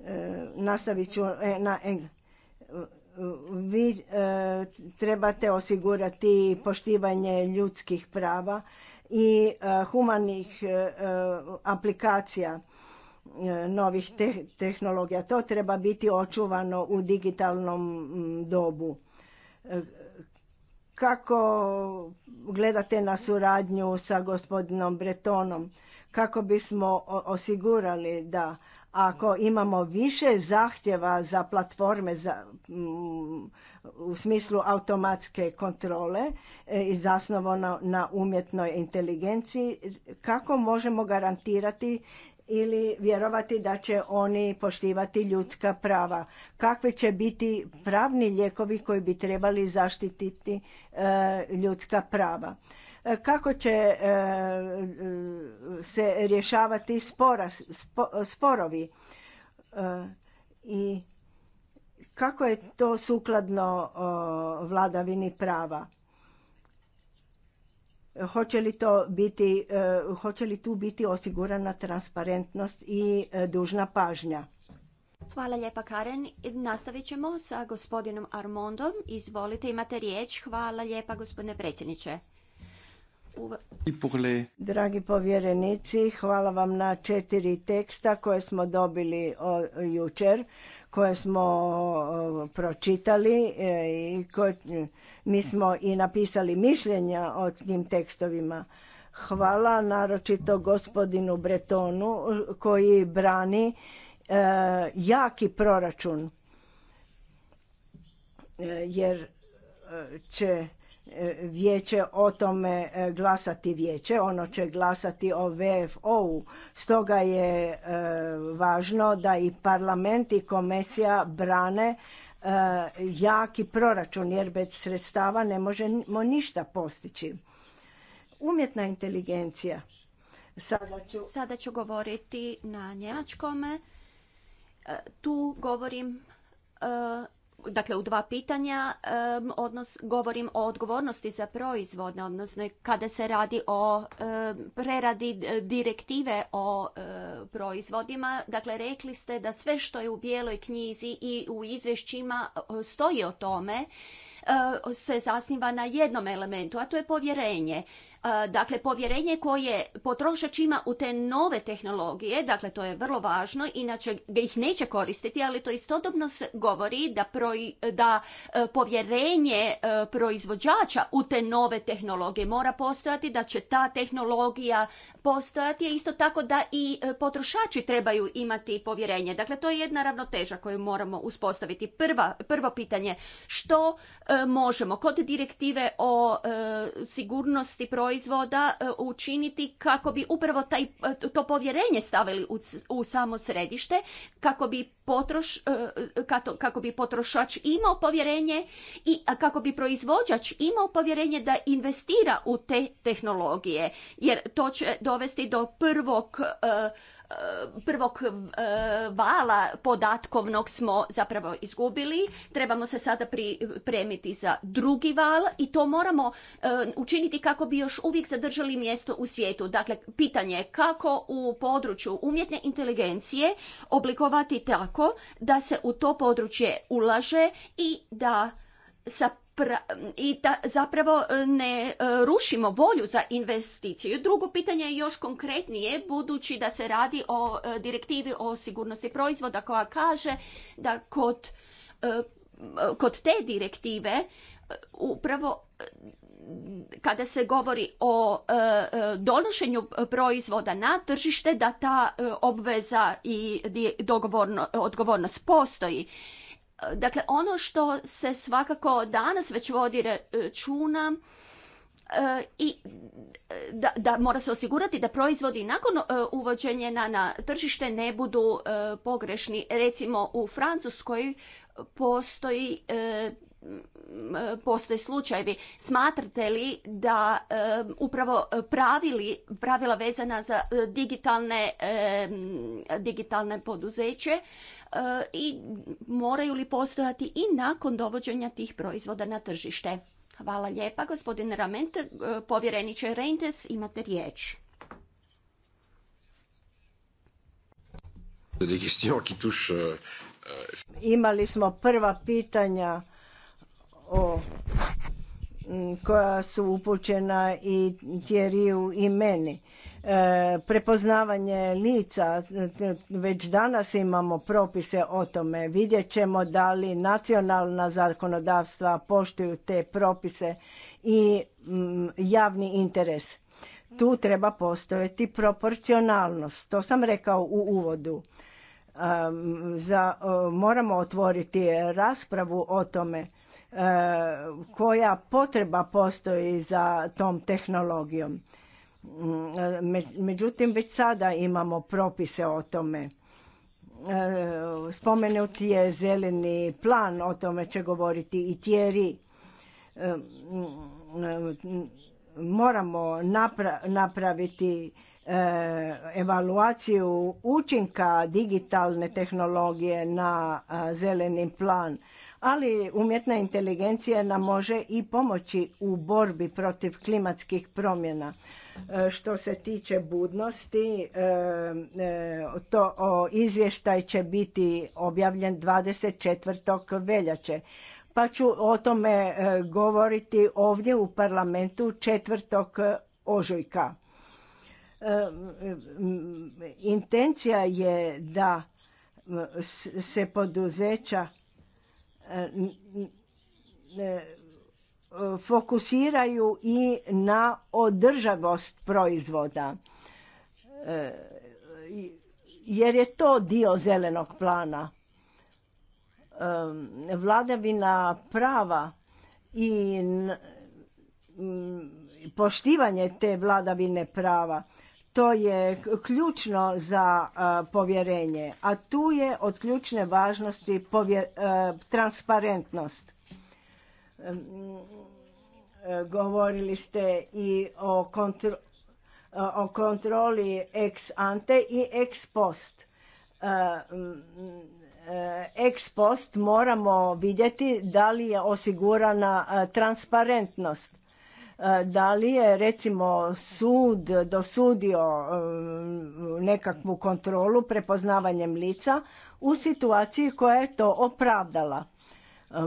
E, nastavit ću e, na Vi e, trebate osigurati poštivanje ljudskih prava i e, humanih aplikacija novih tehnologija. To treba biti očuvano u digitalnom dobu. Kako gledate na suradnju sa gospodinom Bretonom? kako bismo osigurali da ako imamo više zahtjeva za platforme za, mm, u smislu automatske kontrole e, i zasnovano na umjetnoj inteligenciji, kako možemo garantirati ili vjerovati da će oni poštivati ljudska prava? Kakvi će biti pravni lijekovi koji bi trebali zaštititi e, ljudska prava? E, kako će e, e, se rješavati sporovi i kako je to sukladno vladavini prava. Hoće li, to biti, hoće li tu biti osigurana transparentnost i dužna pažnja? Hvala lijepa Karen. Nastavit ćemo sa gospodinom Armondom. Izvolite, imate riječ. Hvala lijepa gospodine predsjedniče. Dragi povjerenici, hvala vam na četiri teksta koje smo dobili jučer, koje smo pročitali e, i koje, mi smo i napisali mišljenja o tim tekstovima. Hvala naročito gospodinu Bretonu koji brani e, jaki proračun e, jer će vijeće o tome e, glasati vijeće, ono će glasati o VFO-u. Stoga je e, važno da i parlament i komisija brane e, jaki proračun jer bez sredstava ne možemo ništa postići. Umjetna inteligencija. Sada ću, Sada ću govoriti na njemačkome. Tu govorim dakle u dva pitanja odnos, govorim o odgovornosti za proizvodne, odnosno kada se radi o preradi e, direktive o e, proizvodima, dakle rekli ste da sve što je u bijeloj knjizi i u izvješćima e, stoji o tome, E, se zasniva na jednom elementu, a to je povjerenje. E, dakle, povjerenje koje potrošač ima u te nove tehnologije, dakle to je vrlo važno, inače ih neće koristiti, ali to istodobno govori da, da e, povjerenje proizvođača u te nove tehnologije mora postojati, da će ta tehnologija postojati, isto tako da i potrošači trebaju imati povjerenje. Dakle, to je jedna ravnoteža koju moramo uspostaviti. prvo pitanje, što E, možemo kod direktive o e, sigurnosti proizvoda e, učiniti kako bi upravo taj, to povjerenje stavili u, u samo središte, kako bi, potroš, kako bi potrošač imao povjerenje i kako bi proizvođač imao povjerenje da investira u te tehnologije, jer to će dovesti do prvog prvog e, vala podatkovnog smo zapravo izgubili. Trebamo se sada pripremiti za drugi val i to moramo e, učiniti kako bi još uvijek zadržali mjesto u svijetu. Dakle, pitanje je kako u području umjetne inteligencije oblikovati tako da se u to područje ulaže i da sa i da zapravo e, ne e, rušimo volju za investiciju. Drugo pitanje je još konkretnije, budući da se radi o e, direktivi o sigurnosti proizvoda koja kaže da kod, kod te direktive upravo kada se govori o donošenju proizvoda na tržište da ta obveza i odgovornost postoji Dakle, ono što se svakako danas već vodi računa e, e, i da, da mora se osigurati da proizvodi nakon e, uvođenja na, na tržište ne budu pogrešni. Recimo u Francuskoj postoji postoje slučajevi. Smatrate li da upravo pravili, pravila vezana za digitalne, digitalne poduzeće E, i moraju li postojati i nakon dovođenja tih proizvoda na tržište. Hvala lijepa, gospodin Ramente, povjereniče Reintec, imate riječ. Euh, Imali smo prva pitanja o, koja su upućena i Tjeriju i meni. E, prepoznavanje lica, e, već danas imamo propise o tome. Vidjet ćemo da li nacionalna zakonodavstva poštuju te propise i mm, javni interes. Tu treba postojati proporcionalnost. To sam rekao u uvodu. E, za, moramo otvoriti raspravu o tome koja potreba postoji za tom tehnologijom Mm, e, međutim, već sada imamo propise o tome. E, spomenut je zeleni plan, o tome će govoriti i Tjeri. E, mm, moramo napraviti Eh, evaluaciju učinka digitalne tehnologije na eh, zeleni plan, ali umjetna inteligencija nam može i pomoći u borbi protiv klimatskih promjena. Eh, što se tiče budnosti, to izvještaj će biti objavljen 24. veljače. Pa ću o tome govoriti ovdje u parlamentu 4. ožujka intencija je da se poduzeća e, e, fokusiraju i na održavost proizvoda e, jer je to dio zelenog plana. Vladavina prava i poštivanje te vladavine prava to je ključno za povjerenje, a tu je od ključne važnosti transparentnost. E, govorili ste i o, o kontroli ex ante i ex post. E, ex post moramo vidjeti da li je osigurana transparentnost da li je recimo sud dosudio eh, nekakvu kontrolu prepoznavanjem lica u situaciji koja je to opravdala? Eh,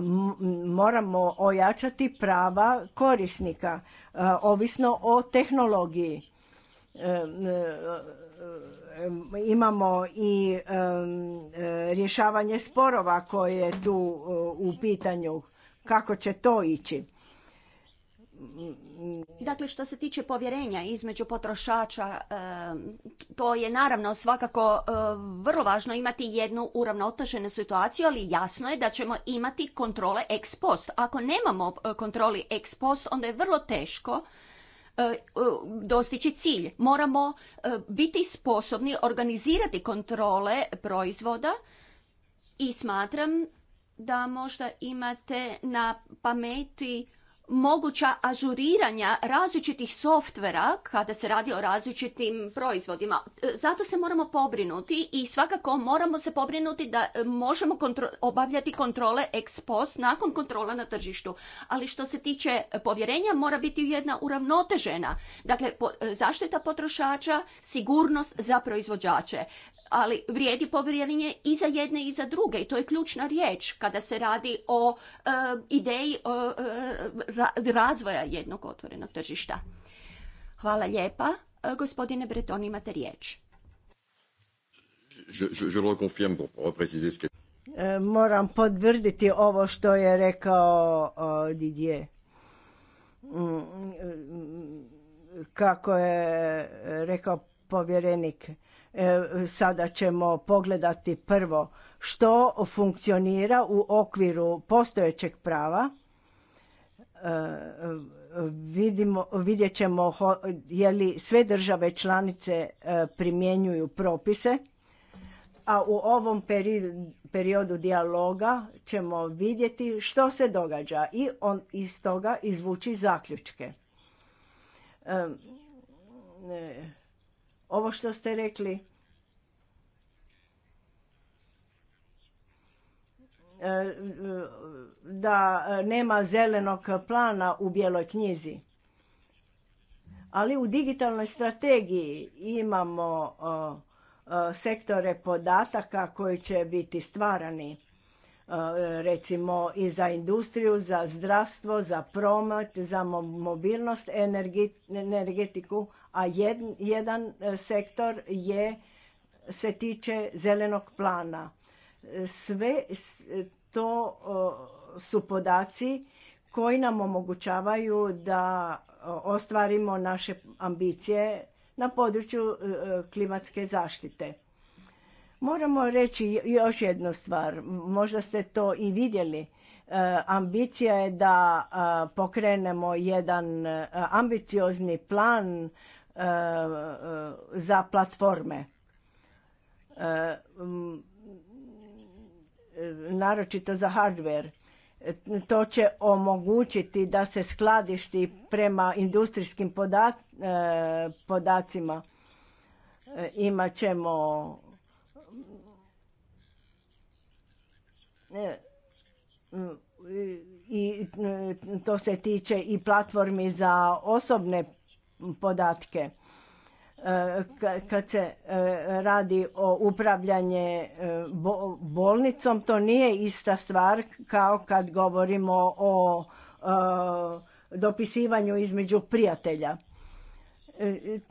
moramo ojačati prava korisnika, eh, ovisno o tehnologiji. Imamo i rješavanje sporova koje je tu u pitanju. Kako će to ići? Dakle, što se tiče povjerenja između potrošača, e, to je naravno svakako e, vrlo važno imati jednu uravnoteženu situaciju, ali jasno je da ćemo imati kontrole ex post. Ako nemamo e, kontroli ex post, onda je vrlo teško dostići cilj. Moramo biti sposobni organizirati kontrole proizvoda i smatram da možda imate na pameti moguća ažuriranja različitih softvera kada se radi o različitim proizvodima. E, zato se moramo pobrinuti i svakako moramo se pobrinuti da e, možemo kontro obavljati kontrole ex post nakon kontrola na tržištu. Ali što se tiče povjerenja mora biti jedna uravnotežena. Dakle, e, zaštita potrošača, sigurnost za proizvođače ali vrijedi povjerenje i za jedne i za druge i to je ključna riječ kada se radi o eh, ideji eh, razvoja jednog otvorenog tržišta. Hvala lijepa. Eh, gospodine Breton, imate riječ. Moram potvrditi ovo što je rekao Didier mm, kako je rekao povjerenik E, sada ćemo pogledati prvo što funkcionira u okviru postojećeg prava. E, vidimo, vidjet ćemo je li sve države članice e, primjenjuju propise, a u ovom periodu, dijaloga ćemo vidjeti što se događa i on iz toga izvući zaključke. Ovo što ste rekli, e, e, da nema zelenog plana u bijeloj knjizi. Ali u digitalnoj strategiji imamo e, sektore podataka koji će biti stvarani recimo i za industriju, za zdravstvo, za promet, za mobilnost, energetiku, a jedan e, sektor je se tiče zelenog plana. Sve to su podaci koji nam omogućavaju da ostvarimo naše ambicije na području e, e, klimatske zaštite. Moramo reći još jednu stvar, možda ste to i vidjeli. Ambicija je da pokrenemo jedan ambiciozni plan Eh, za platforme. Eh, naročito za hardware. To će omogućiti da se skladišti prema industrijskim eh, podacima. Imaćemo ćemo i to se tiče i platformi za osobne podatke e, kad se e, radi o upravljanje e, bolnicom, to nije ista stvar kao kad govorimo o dopisivanju između prijatelja.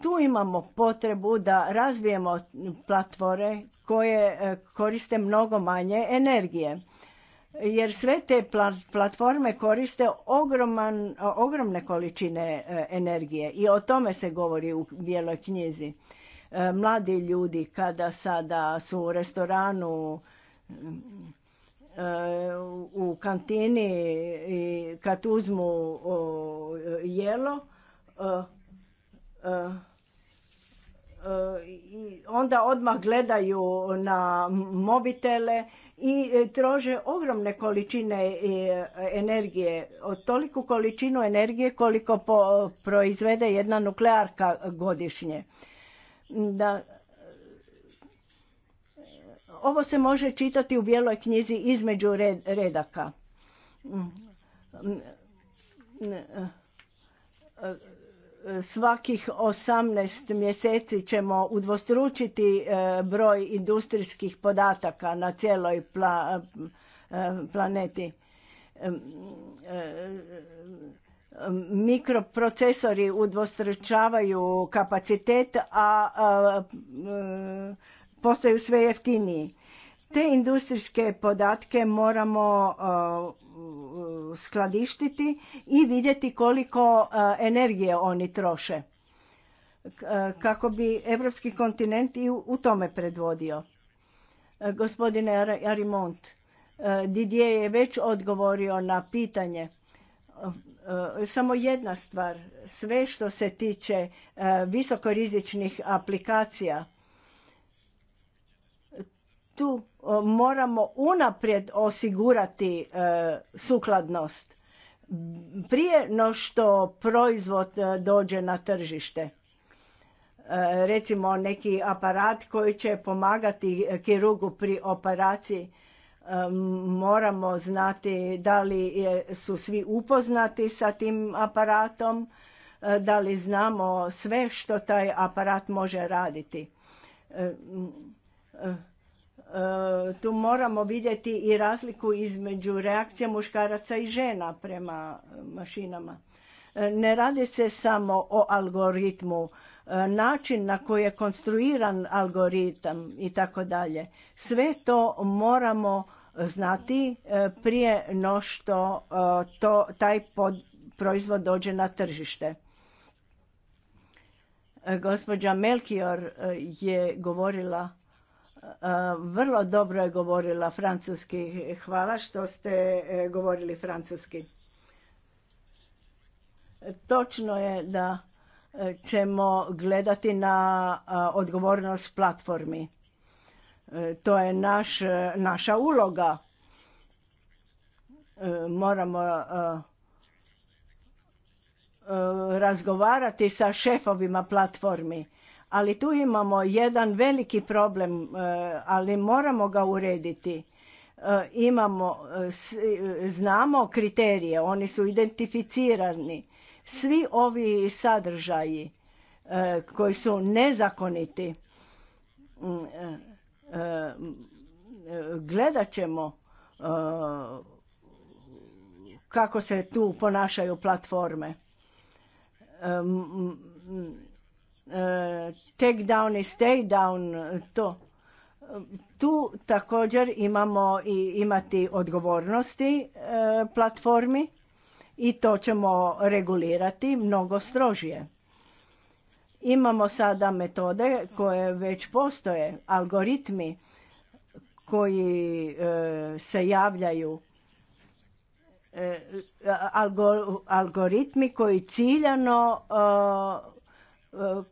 Tu imamo potrebu da razvijemo platvore koje koriste mnogo manje energije jer sve te platforme koriste ogroman, ogromne količine e, energije i o tome se govori u bijeloj knjizi. E, mladi ljudi kada sada su u restoranu, e, u kantini i kad uzmu jelo, onda odmah gledaju na mobitele i e, trože ogromne količine e, energije, toliku količinu energije koliko proizvede jedna nuklearka godišnje. Da, e, ovo se može čitati u bijeloj knjizi između redaka mm. Mm svakih 18 mjeseci ćemo udvostručiti e, broj industrijskih podataka na cijeloj e, planeti. E, mikroprocesori udvostručavaju kapacitet, a postaju sve jeftiniji. Te industrijske podatke moramo skladištiti i vidjeti koliko e, energije oni troše e, kako bi evropski kontinent i u tome predvodio. E, gospodine Arimont, Didier je već odgovorio na pitanje. Samo jedna stvar, sve što se tiče visokorizičnih aplikacija, tu moramo unaprijed osigurati e, sukladnost prije no što proizvod e, dođe na tržište. E, recimo neki aparat koji će pomagati kirugu pri operaciji moramo znati da li su svi upoznati sa tim aparatom, da li znamo sve što taj aparat može raditi E, tu moramo vidjeti i razliku između reakcija muškaraca i žena prema mašinama. E, ne radi se samo o algoritmu, e, način na koji je konstruiran algoritam i tako dalje. Sve to moramo znati prije no što to, taj proizvod dođe na tržište. Gospođa Melkior je govorila vrlo dobro je govorila francuski. Hvala što ste e, govorili francuski. Točno je da e, ćemo gledati na odgovornost platformi. E, to je naš, naša uloga. Moramo razgovarati sa šefovima platformi ali tu imamo jedan veliki problem, e, ali moramo ga urediti. E, imamo, e, znamo kriterije, oni su identificirani. Svi ovi sadržaji koji su nezakoniti, gledat ćemo kako se tu ponašaju platforme take down i stay down, to. Tu također imamo i imati odgovornosti e, platformi i to ćemo regulirati mnogo strožije. Imamo sada metode koje već postoje, algoritmi koji e, se javljaju e, algoritmi koji ciljano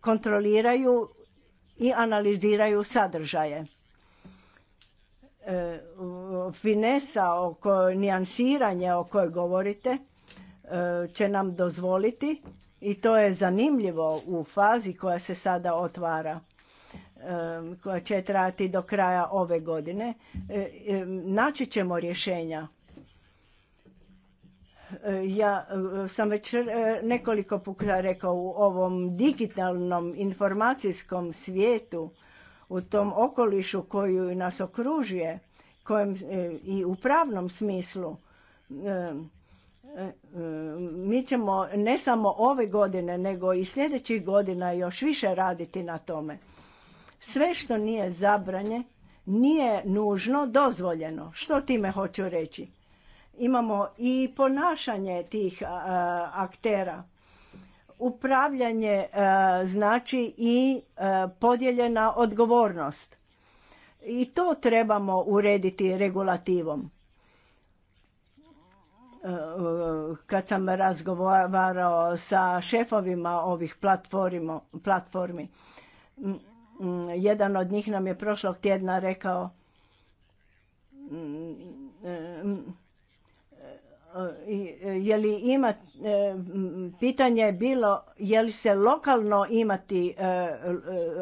kontroliraju i analiziraju sadržaje. E, finesa oko nijansiranja o kojoj govorite e, će nam dozvoliti i to je zanimljivo u fazi koja se sada otvara e, koja će trajati do kraja ove godine. Naći ćemo rješenja ja e, sam već e, nekoliko puta rekao u ovom digitalnom informacijskom svijetu, u tom okolišu koji nas okružuje, kojem e, i u pravnom smislu, mi ćemo ne samo ove godine, nego i sljedećih godina još više raditi na tome. Sve što nije zabranje, nije nužno dozvoljeno. Što time hoću reći? imamo i ponašanje tih aktera. Upravljanje znači i podijeljena odgovornost. I to trebamo urediti regulativom. E, e, kad sam razgovarao sa šefovima ovih platformi, jedan od njih nam je prošlog tjedna rekao E, je li ima, e, pitanje je bilo je li se lokalno imati e,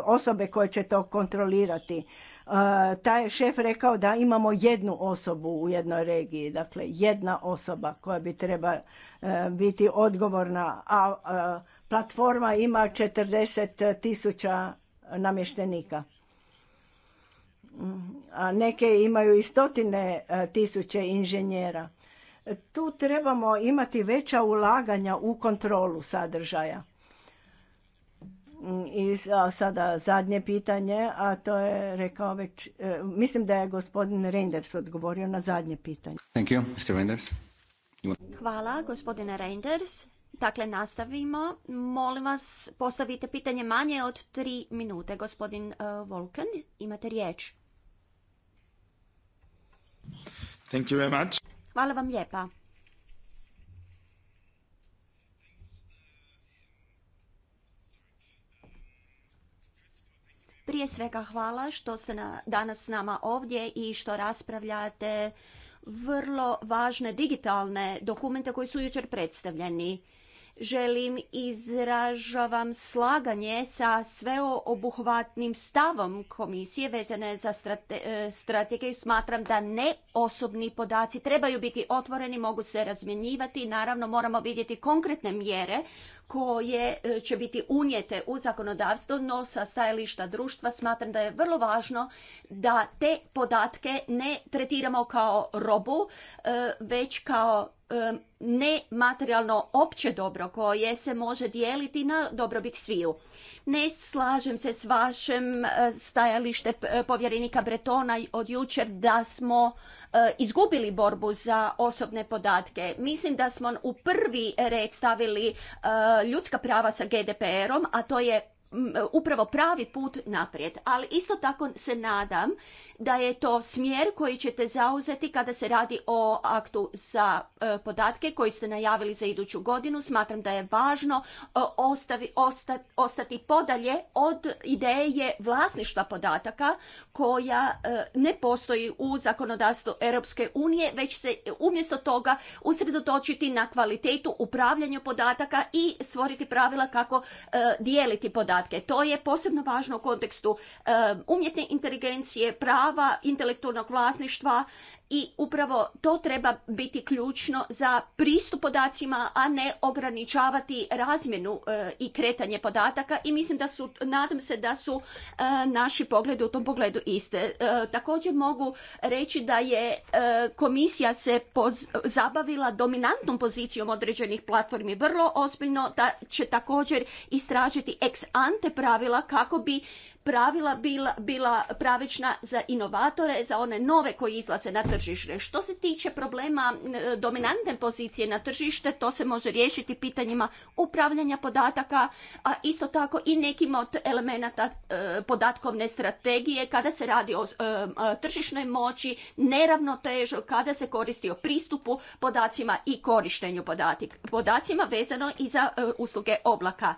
osobe koje će to kontrolirati. Taj šef rekao da imamo jednu osobu u jednoj regiji, dakle jedna osoba koja bi treba biti odgovorna, a platforma ima 40 tisuća namještenika mm, a neke imaju i stotine tisuće inženjera. Tu trebamo imati veća ulaganja u kontrolu sadržaja. I sada zadnje pitanje, a to je rekao već, e, mislim da je gospodin Reinders odgovorio na zadnje pitanje. Thank you, Mr. Hvala, gospodine Reinders. Dakle, nastavimo. Molim vas, postavite pitanje manje od tri minute. Gospodin e, Volkan, imate riječ. Thank you very much. Hvala vam lijepa. Prije svega hvala što ste na, danas s nama ovdje i što raspravljate vrlo važne digitalne dokumente koji su jučer predstavljeni želim izražavam slaganje sa sveobuhvatnim stavom komisije vezane za e, strategiju. Smatram da ne osobni podaci trebaju biti otvoreni, mogu se razmjenjivati. Naravno moramo vidjeti konkretne mjere koje e, će biti unijete u zakonodavstvo, no sa stajališta društva smatram da je vrlo važno da te podatke ne tretiramo kao robu, e, već kao nematerijalno opće dobro koje se može dijeliti na dobrobit sviju. Ne slažem se s vašem e, stajalište e, povjerenika Bretona od jučer da smo e, izgubili borbu za osobne podatke. Mislim da smo u prvi red stavili ljudska prava sa GDPR-om, a to je upravo pravi put naprijed. Ali isto tako se nadam da je to smjer koji ćete zauzeti kada se radi o aktu za e, podatke koji ste najavili za iduću godinu. Smatram da je važno e, ostavi, ostati podalje od ideje vlasništva podataka koja e, ne postoji u zakonodavstvu Europske unije, već se umjesto toga usredotočiti na kvalitetu upravljanja podataka i stvoriti pravila kako dijeliti podatke podatke. To je posebno važno u kontekstu eh, umjetne inteligencije, prava, intelektualnog vlasništva i upravo to treba biti ključno za pristup podacima, a ne ograničavati razmjenu e, i kretanje podataka i mislim da su, nadam se da su e, naši pogledi u tom pogledu iste. E, također mogu reći da je komisija se poz, zabavila dominantnom pozicijom određenih platformi vrlo ozbiljno, da će također istražiti ex ante pravila kako bi pravila bila, pravična za inovatore, za one nove koji izlaze na tržište. Što se tiče problema e, dominantne pozicije na tržište, to se može riješiti pitanjima upravljanja podataka, a isto tako i nekim od elemenata e, podatkovne strategije kada se radi o e, tržišnoj moći, neravnotežu, kada se koristi o pristupu podacima i korištenju podacima vezano i za usluge oblaka.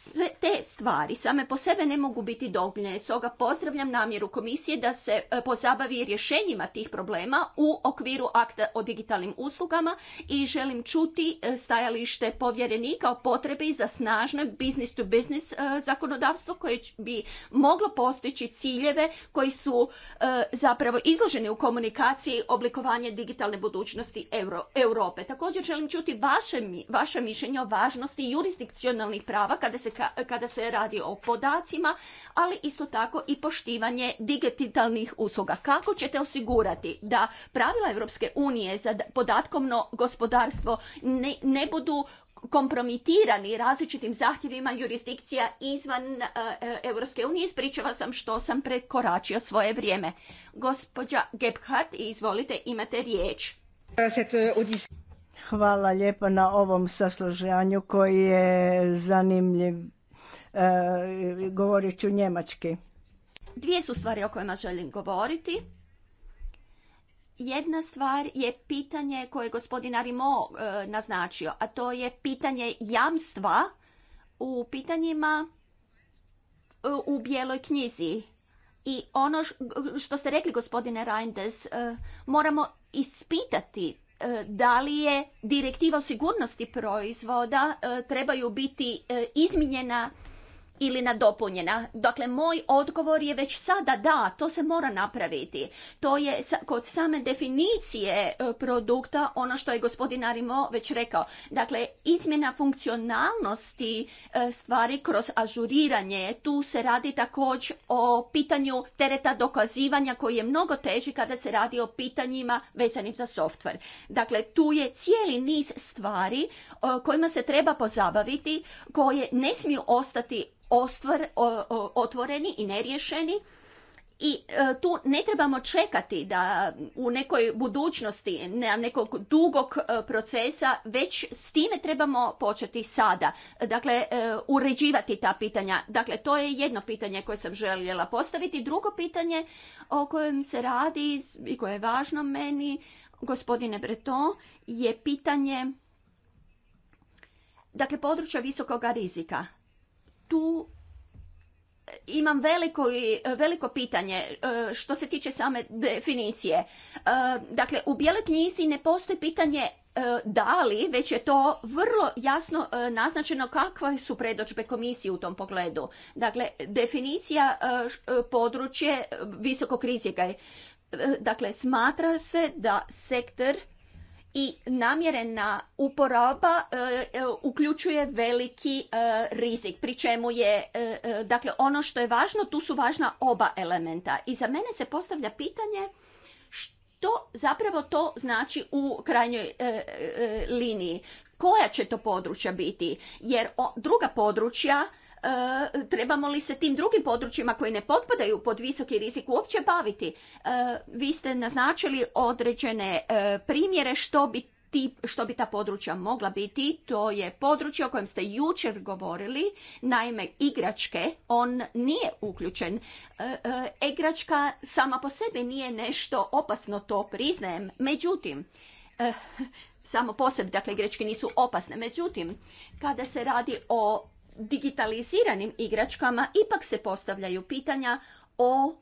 Sve te stvari same po sebe ne mogu biti dovoljne, stoga pozdravljam namjeru komisije da se e, pozabavi rješenjima tih problema u okviru akta o digitalnim uslugama i želim čuti e, stajalište povjerenika o potrebi za snažno business to business e, zakonodavstvo koje bi moglo postići ciljeve koji su zapravo izloženi u komunikaciji oblikovanje digitalne budućnosti Europe. Također želim čuti vaše mišljenje o važnosti jurisdikcionalnih prava kada se kada se radi o podacima, ali isto tako i poštivanje digitalnih usluga. Kako ćete osigurati da pravila Europske unije za podatkovno gospodarstvo ne, budu kompromitirani različitim zahtjevima jurisdikcija izvan e, e, Europske unije. Ispričava sam što sam prekoračio svoje vrijeme. Gospođa Gebhardt, izvolite, imate riječ. Hvala lijepa na ovom saslušanju koji je zanimljiv. E, govorit ću njemački. Dvije su stvari o kojima želim govoriti. Jedna stvar je pitanje koje je gospodin Arimo e, naznačio, a to je pitanje jamstva u pitanjima e, u bijeloj knjizi. I ono što ste rekli, gospodine Reinders, e, moramo ispitati E, da li je direktiva o sigurnosti proizvoda e, trebaju biti e, izmijenjena ili nadopunjena. Dakle, moj odgovor je već sada da, to se mora napraviti. To je kod same definicije e, produkta ono što je gospodin Arimo već rekao. Dakle, izmjena funkcionalnosti e, stvari kroz ažuriranje. Tu se radi također o pitanju tereta dokazivanja koji je mnogo teži kada se radi o pitanjima vezanim za softver. Dakle, tu je cijeli niz stvari e, kojima se treba pozabaviti, koje ne smiju ostati otvoreni i neriješeni i e, tu ne trebamo čekati da u nekoj budućnosti na nekog dugog e, procesa već s time trebamo početi sada dakle e, uređivati ta pitanja dakle to je jedno pitanje koje sam željela postaviti drugo pitanje o kojem se radi i koje je važno meni gospodine Breton je pitanje dakle područja visokoga rizika tu eh, imam veliko, eh, veliko pitanje eh, što se tiče same definicije. Dakle, u bijeloj knjizi ne postoji pitanje da li, već je to vrlo jasno naznačeno kakve su predočbe komisije u tom pogledu. Dakle, definicija područje visokog rizika je. Dakle, smatra se da sektor i namjerena uporaba e, e, uključuje veliki e, rizik pri čemu je dakle ono što je važno tu su važna oba elementa i za mene se postavlja pitanje što zapravo to znači u krajnjoj liniji koja će to područja biti jer o, druga područja E, trebamo li se tim drugim područjima koji ne potpadaju pod visoki rizik uopće baviti? E, vi ste naznačili određene e, primjere što bi što bi ta područja mogla biti, to je područje o kojem ste jučer govorili, naime igračke, on nije uključen. Igračka sama po sebi nije nešto opasno, to priznajem. Međutim, samo po sebi, dakle igračke nisu opasne. Međutim, kada se radi o digitaliziranim igračkama ipak se postavljaju pitanja o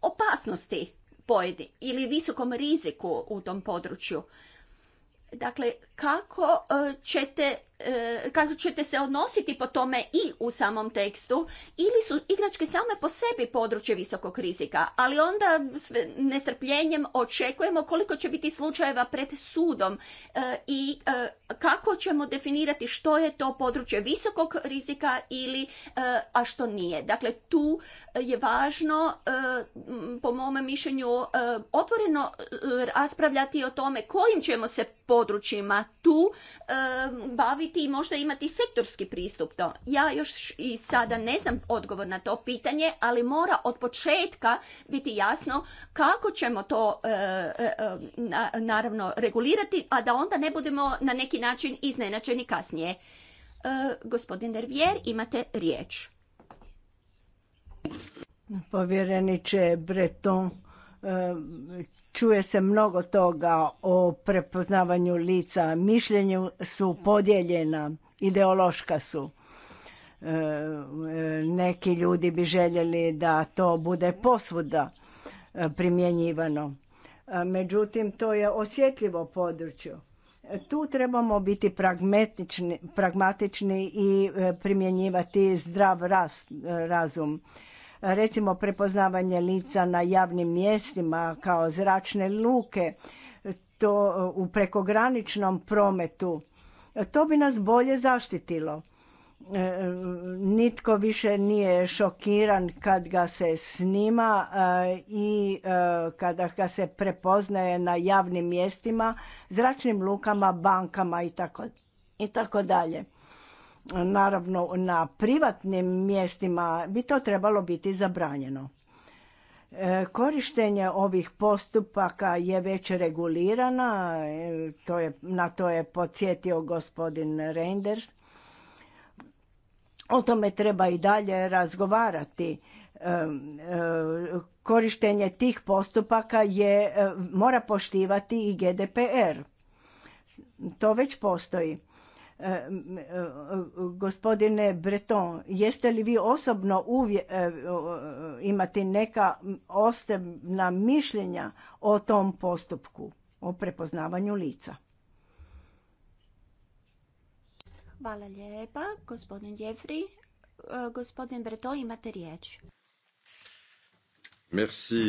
opasnosti pojedi ili visokom riziku u tom području. Dakle, kako e, ćete e, kako ćete se odnositi po tome i u samom tekstu ili su igračke same po sebi područje visokog rizika, ali onda s nestrpljenjem očekujemo koliko će biti slučajeva pred sudom e, i kako ćemo definirati što je to područje visokog rizika ili a što nije. Dakle, tu je važno po mom mišljenju otvoreno raspravljati o tome kojim ćemo se područjima tu baviti i možda imati sektorski pristup to. Ja još i sada ne znam odgovor na to pitanje, ali mora od početka biti jasno kako ćemo to e, e, e, naravno regulirati, a da onda ne budemo na neki način iznenačeni kasnije. Gospodin Dervijer, imate riječ. Povjereniče Breton, Čuje se mnogo toga o prepoznavanju lica, mišljenju su podijeljena, ideološka su. E, neki ljudi bi željeli da to bude posvuda e, primjenjivano. E, međutim, to je osjetljivo područje. Tu trebamo biti pragmatični i primjenjivati zdrav razum recimo prepoznavanje lica na javnim mjestima kao zračne luke, to u prekograničnom prometu, to bi nas bolje zaštitilo. E, nitko više nije šokiran kad ga se snima e, i e, kada ga se prepoznaje na javnim mjestima, zračnim lukama, bankama i tako dalje naravno na privatnim mjestima bi to trebalo biti zabranjeno. E, korištenje ovih postupaka je već regulirana, e, to je, na to je podsjetio gospodin Reinders. O tome treba i dalje razgovarati. E, korištenje tih postupaka je, mora poštivati i GDPR. To već postoji. E, e, e, gospodine Breton, jeste li vi osobno imati neka osobna mišljenja o tom postupku, o prepoznavanju lica? Hvala lijepa, gospodin Jeffrey. Gospodin Breton, imate riječ. Merci.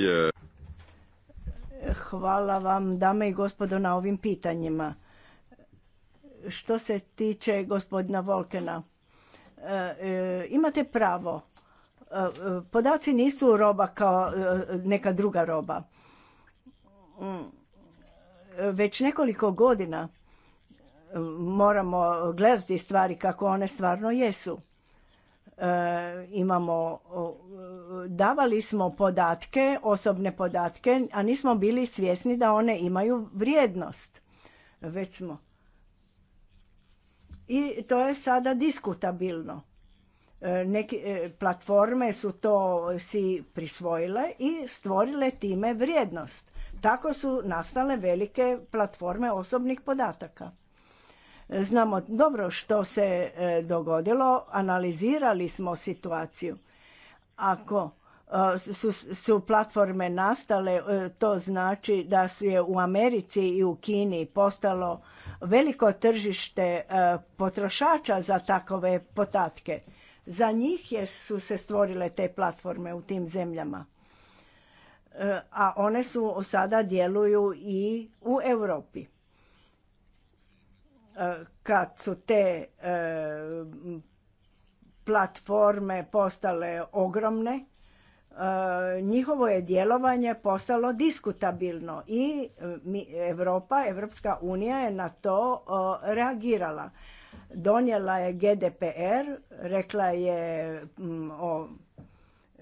Hvala vam, dame i gospodo, na ovim pitanjima što se tiče gospodina Volkena, e, e, imate pravo. E, podaci nisu roba kao neka druga roba. Mm. Već nekoliko godina moramo gledati stvari kako one stvarno jesu. imamo, davali smo podatke, osobne podatke, a nismo bili svjesni da one imaju vrijednost. Već smo i to je sada diskutabilno. E, neki e, platforme su to si prisvojile i stvorile time vrijednost. Tako su nastale velike platforme osobnih podataka. E, znamo dobro što se dogodilo, analizirali smo situaciju. Ako su, platforme nastale, e, to znači da su je u Americi i u Kini postalo veliko tržište e, potrošača za takove podatke. Za njih je, su se stvorile te platforme u tim zemljama. E, a one su sada djeluju i u Europi. Kad su te platforme postale ogromne, Eh, njihovo je djelovanje postalo diskutabilno i Europa, eh, Evropska unija je na to eh, reagirala. Donijela je GDPR, rekla je mm,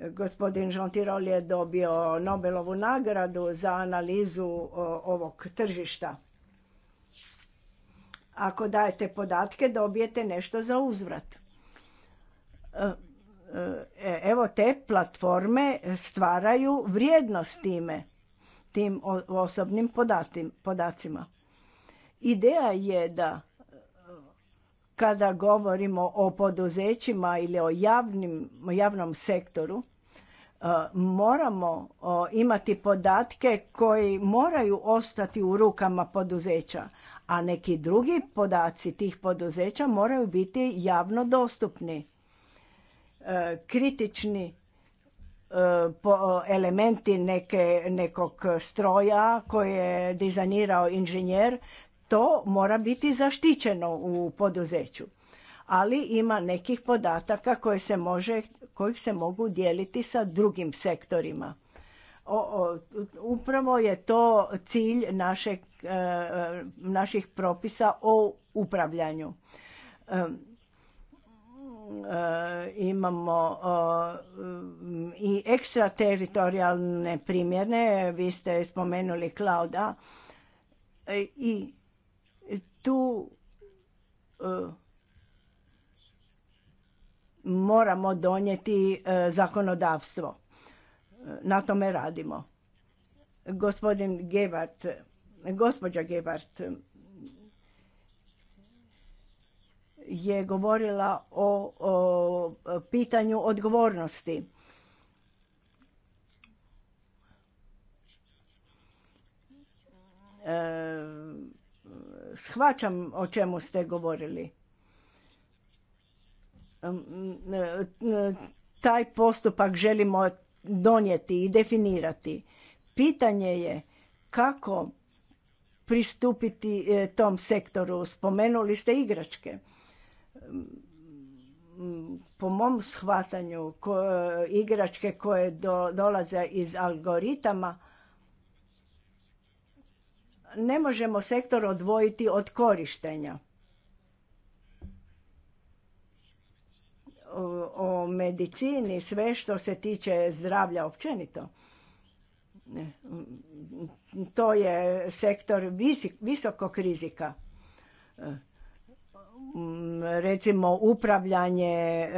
gospodin Jean Tirol je dobio Nobelovu nagradu za analizu ovog tržišta. Ako dajete podatke, dobijete nešto za uzvrat E, evo te platforme stvaraju vrijednost time, tim osobnim podacima. Ideja je da e, kada govorimo o poduzećima ili o javnim, javnom sektoru, e, moramo imati podatke koji moraju ostati u rukama poduzeća, a neki drugi podaci tih poduzeća moraju biti javno dostupni kritični e, elementi nekog stroja koje je dizajnirao inženjer, to mora biti zaštićeno u poduzeću. Ali ima nekih podataka koje se može, kojih se mogu dijeliti sa drugim sektorima. upravo je to cilj našeg, e, e, naših propisa o upravljanju. Eh, imamo eh, i ekstrateritorijalne primjene, vi ste spomenuli Klauda eh, i tu moramo donijeti zakonodavstvo. Na tome radimo. Gospodin Gebart, gospođa Gevart, je govorila o, pitanju odgovornosti. E, shvaćam o čemu ste govorili. E, e, taj postupak želimo donijeti i definirati. Pitanje je kako pristupiti e, tom sektoru. Spomenuli ste igračke po mom shvatanju ko, igračke koje do, dolaze iz algoritama ne možemo sektor odvojiti od korištenja. O, o medicini, sve što se tiče zdravlja općenito. To je sektor visokog rizika recimo upravljanje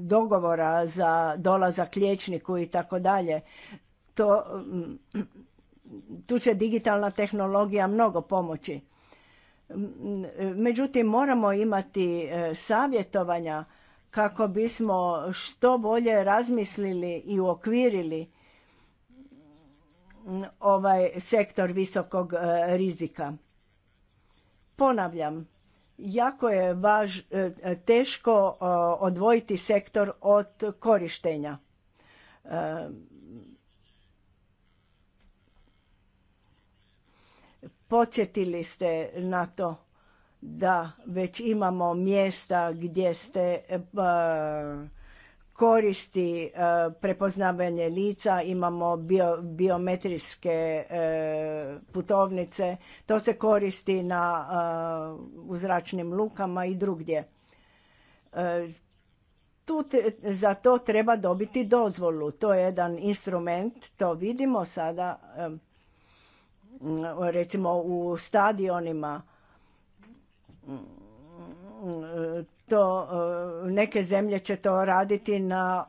dogovora za dolazak liječniku i tako dalje. To, tu će digitalna tehnologija mnogo pomoći. Međutim, moramo imati e, savjetovanja kako bismo što bolje razmislili i uokvirili ovaj sektor visokog e, rizika. Ponavljam, Jako je važ, e, e, teško odvojiti sektor od korištenja. E, podsjetili ste na to da već imamo mjesta gdje ste pa, koristi e, prepoznavanje lica, imamo biometrijske e, putovnice, to se koristi na e, u zračnim lukama i drugdje. Tu za to treba dobiti dozvolu. To je jedan instrument, to vidimo sada recimo u stadionima to e, neke zemlje će to raditi na,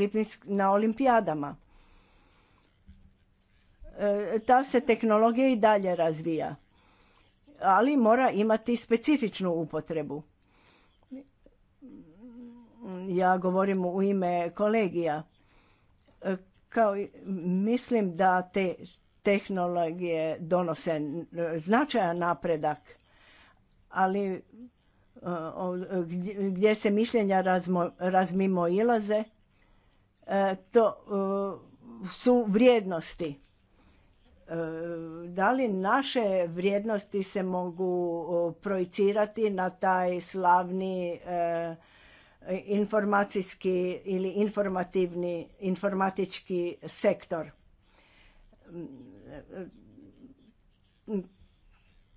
e, na olimpijadama. E, ta se tehnologija i dalje razvija, ali mora imati specifičnu upotrebu. Ja govorim u ime kolegija. Kao, mislim da te tehnologije donose značajan napredak, ali gdje se mišljenja razmo, razmimo ilaze, e, to e, su vrijednosti. E, da li naše vrijednosti se mogu projicirati na taj slavni informacijski ili informativni informatički sektor?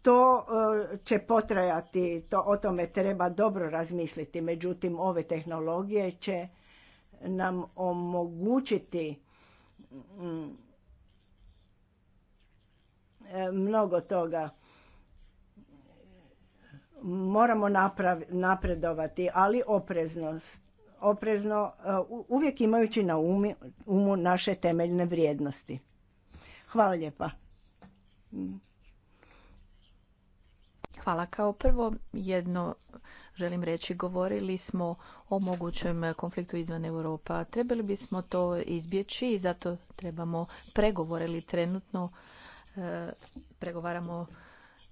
to e, će potrajati, to, o tome treba dobro razmisliti. Međutim, ove tehnologije će nam omogućiti mm, e, mnogo toga. Moramo napredovati, ali opreznost, oprezno, e, uvijek imajući na umu naše temeljne vrijednosti. Hvala lijepa. Hvala. Kao prvo jedno želim reći, govorili smo o mogućem konfliktu izvan Europa. Trebali bismo to izbjeći i zato trebamo pregovore ili trenutno e, pregovaramo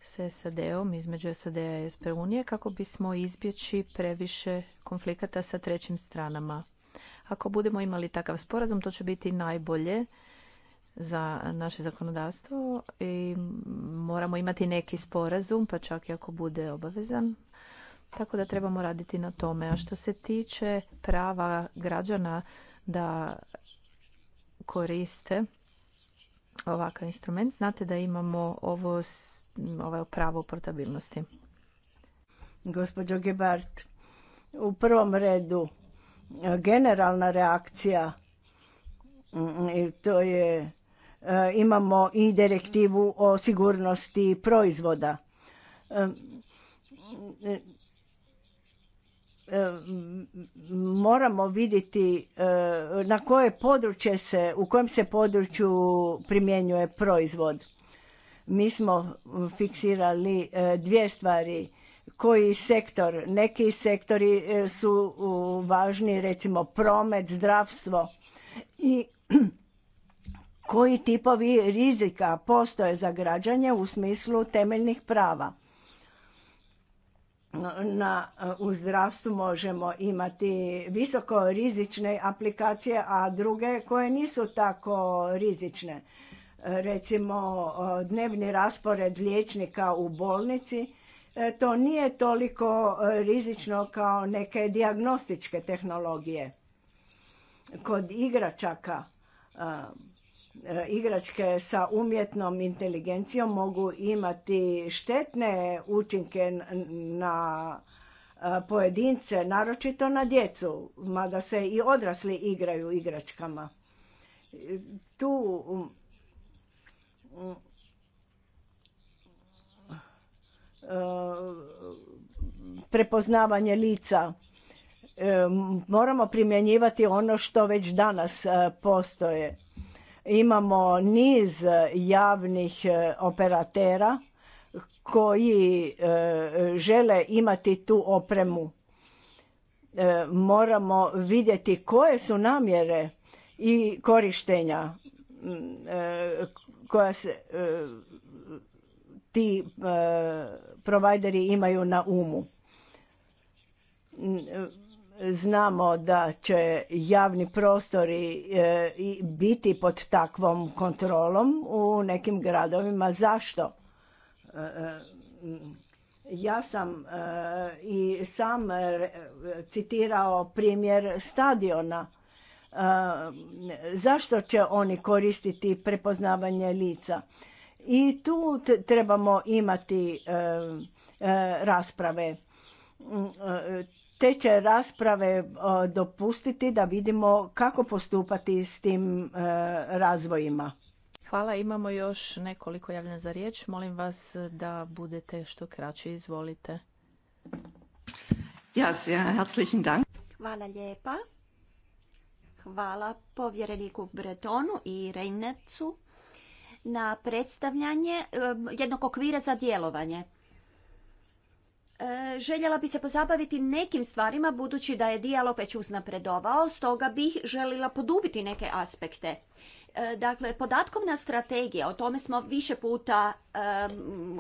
s SAD-om, između SAD-a i SP unije, kako bismo izbjeći previše konflikata sa trećim stranama. Ako budemo imali takav sporazum, to će biti najbolje za naše zakonodavstvo i moramo imati neki sporazum, pa čak i ako bude obavezan. Tako da trebamo raditi na tome. A što se tiče prava građana da koriste ovakav instrument, znate da imamo ovo, ovo ovaj, pravo portabilnosti. Gospođo Gebart, u prvom redu generalna reakcija mm, to je E, imamo i direktivu o sigurnosti proizvoda. E, e, moramo vidjeti na koje područje se, u kojem se području primjenjuje proizvod. Mi smo fiksirali dvije stvari koji sektor. Neki sektori su važni, recimo promet, zdravstvo i koji tipovi rizika postoje za građanje u smislu temeljnih prava. Na, u zdravstvu možemo imati visoko rizične aplikacije, a druge koje nisu tako rizične. Recimo dnevni raspored liječnika u bolnici, e, to nije toliko rizično kao neke dijagnostičke tehnologije. Kod igračaka E, igračke sa umjetnom inteligencijom mogu imati štetne učinke na e, pojedince, naročito na djecu, mada se i odrasli igraju igračkama. E, tu um, prepoznavanje lica moramo primjenjivati ono što već danas postoje Imamo niz e, javnih e, operatera koji e, žele imati tu opremu. Moramo vidjeti koje su namjere i korištenja koja se ti provajderi imaju na umu znamo da će javni prostori e, biti pod takvom kontrolom u nekim gradovima. Zašto? E, e, ja sam i sam citirao primjer stadiona. Zašto će oni koristiti prepoznavanje lica? I tu trebamo imati rasprave mm, te će rasprave e, dopustiti da vidimo kako postupati s tim e, razvojima. Hvala, imamo još nekoliko javljena za riječ. Molim vas da budete što kraći, izvolite. Ja, herzlichen Dank. Hvala lijepa. Hvala povjereniku Bretonu i Rejnecu na predstavljanje e, jednog okvira za djelovanje. E, željela bi se pozabaviti nekim stvarima budući da je dijalog već uznapredovao, stoga bih željela podubiti neke aspekte. E, dakle, podatkovna strategija, o tome smo više puta e,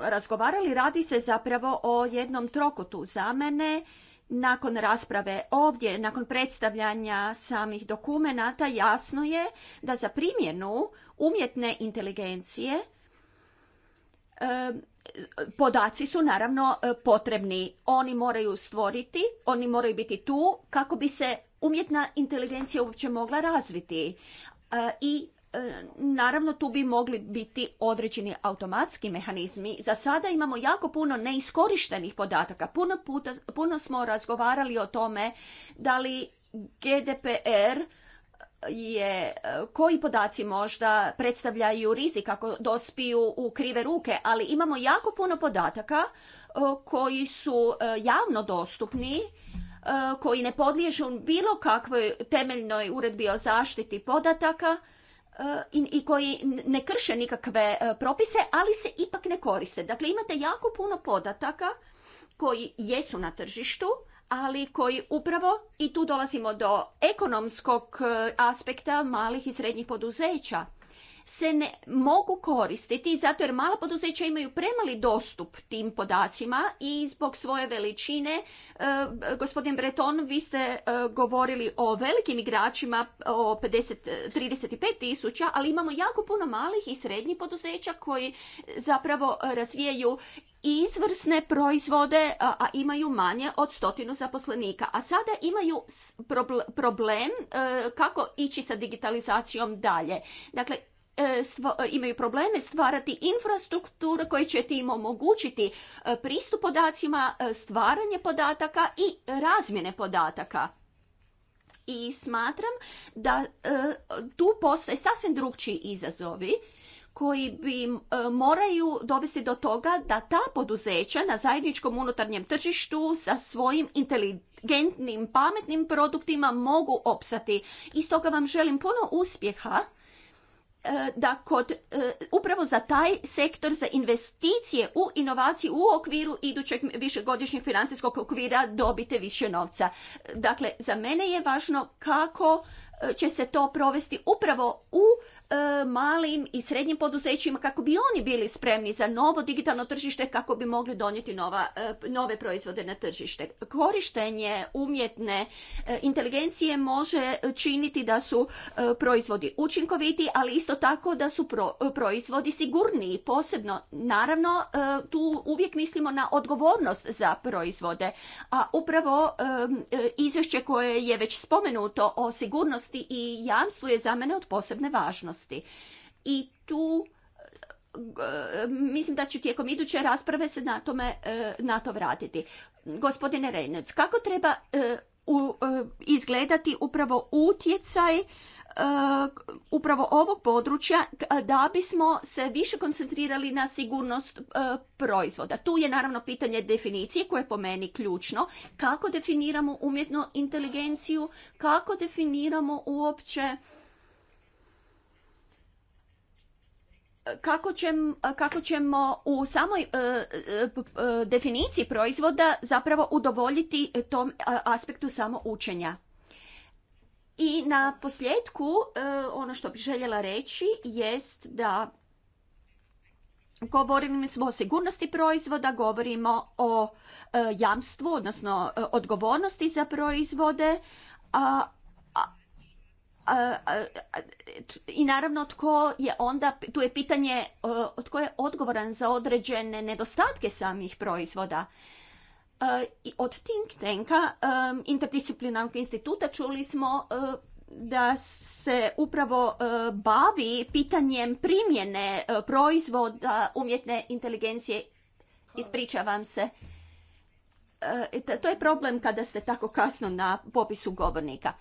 razgovarali, radi se zapravo o jednom trokutu za mene. Nakon rasprave ovdje, nakon predstavljanja samih dokumenata, jasno je da za primjenu umjetne inteligencije Podaci su naravno e, potrebni. Oni moraju stvoriti, oni moraju biti tu kako bi se umjetna inteligencija uopće mogla razviti. E, I e, naravno tu bi mogli biti određeni automatski mehanizmi. Za sada imamo jako puno neiskorištenih podataka. Puno, puno smo razgovarali o tome da li GDPR je e, koji podaci možda predstavljaju rizik ako dospiju u krive ruke, ali imamo jako puno podataka e, koji su e, javno dostupni, koji ne podliježu bilo kakvoj temeljnoj uredbi o zaštiti podataka i koji ne krše nikakve propise, ali se ipak ne koriste. Dakle, imate jako puno podataka koji jesu na tržištu, ali koji upravo i tu dolazimo do ekonomskog e, aspekta malih i srednjih poduzeća se ne mogu koristiti zato jer mala poduzeća imaju premali dostup tim podacima i zbog svoje veličine, e, gospodin Breton, vi ste e, govorili o velikim igračima, o 50, 35 tisuća, ali imamo jako puno malih i srednjih poduzeća koji zapravo razvijaju izvrsne proizvode, a, a imaju manje od stotinu zaposlenika. A sada imaju imaju problem e, kako ići sa digitalizacijom dalje. Dakle, e, e, imaju probleme stvarati infrastrukturu koja će ti omogućiti pristup podacima, stvaranje podataka i razmjene podataka. I smatram da tu postoje sasvim drugčiji izazovi koji bi e, moraju dovesti do toga da ta poduzeća na zajedničkom unutarnjem tržištu sa svojim inteligentnim, pametnim produktima mogu opsati. I stoga vam želim puno uspjeha e, da kod e, upravo za taj sektor za investicije u inovaciji u okviru idućeg višegodišnjeg financijskog okvira dobite više novca. Dakle, za mene je važno kako će se to provesti upravo u e, malim i srednjim poduzećima kako bi oni bili spremni za novo digitalno tržište kako bi mogli donijeti nova, e, nove proizvode na tržište. Korištenje umjetne e, inteligencije može činiti da su proizvodi učinkoviti, ali isto tako da su proizvodi sigurniji. Posebno, naravno, tu uvijek mislimo na odgovornost za proizvode. A upravo izvješće koje je već spomenuto o sigurnosti i jamstvo je za mene od posebne važnosti. I tu mislim da ću tijekom iduće rasprave se na, tome, e, na to vratiti. Gospodine Rejnec, kako treba e, e, izgledati upravo utjecaj E, upravo ovog područja e, da bismo se više koncentrirali na sigurnost e, proizvoda. Tu je naravno pitanje definicije koje je po meni ključno. Kako definiramo umjetnu inteligenciju, kako definiramo uopće kako, kako ćemo u samoj definiciji proizvoda zapravo udovoljiti tom aspektu samoučenja. I na posljedku e, ono što bih željela reći jest da Govorimo smo o sigurnosti proizvoda, govorimo o e, jamstvu, odnosno e, odgovornosti za proizvode, a, i naravno tko je onda, tu je pitanje tko je odgovoran za određene nedostatke samih proizvoda. Eh, od think tanka interdisciplinarnog instituta čuli smo eh, da se upravo eh, bavi pitanjem primjene proizvoda umjetne inteligencije. Ispričavam se. To je problem kada ste tako kasno na popisu govornika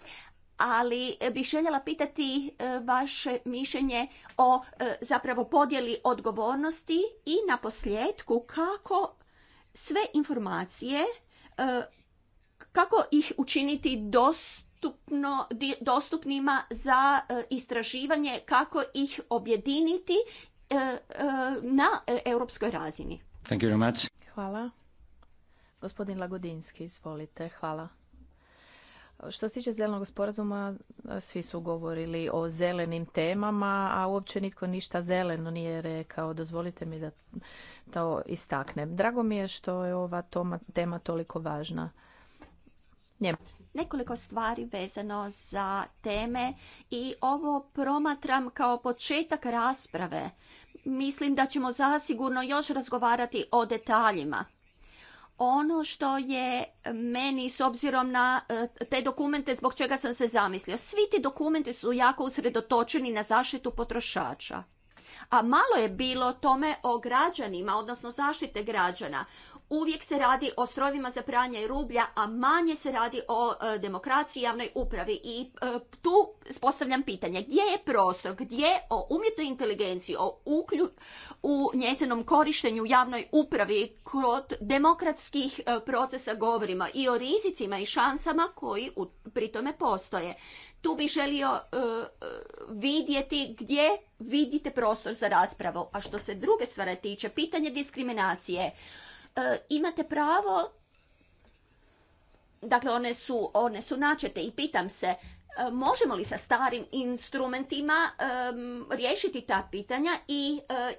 ali bih željela pitati vaše mišljenje o zapravo podjeli odgovornosti i na posljedku kako sve informacije e, kako ih učiniti dostupno, dostupnima za e, istraživanje, kako ih objediniti e, na europskoj razini. Hvala. Gospodin Lagodinski, izvolite. Hvala. Što se tiče zelenog sporazuma, svi su govorili o zelenim temama, a uopće nitko ništa zeleno nije rekao. Dozvolite mi da to istaknem. Drago mi je što je ova toma, tema toliko važna. Nekoliko stvari vezano za teme i ovo promatram kao početak rasprave. Mislim da ćemo zasigurno još razgovarati o detaljima ono što je meni s obzirom na e, te dokumente zbog čega sam se zamislio. Svi ti dokumenti su jako usredotočeni na zaštitu potrošača. A malo je bilo tome o građanima, odnosno zaštite građana uvijek se radi o strojevima za pranje rublja, a manje se radi o e, demokraciji javnoj upravi. I e, tu postavljam pitanje, gdje je prostor, gdje o umjetnoj inteligenciji, o uklju, u njezinom korištenju javnoj upravi kod demokratskih e, procesa govorima i o rizicima i šansama koji pri tome postoje. Tu bi želio vidjeti gdje vidite prostor za raspravu. A što se druge stvari tiče, pitanje diskriminacije. E, imate pravo, dakle one su, one su načete i pitam se, e, možemo li sa starim instrumentima riješiti ta pitanja e,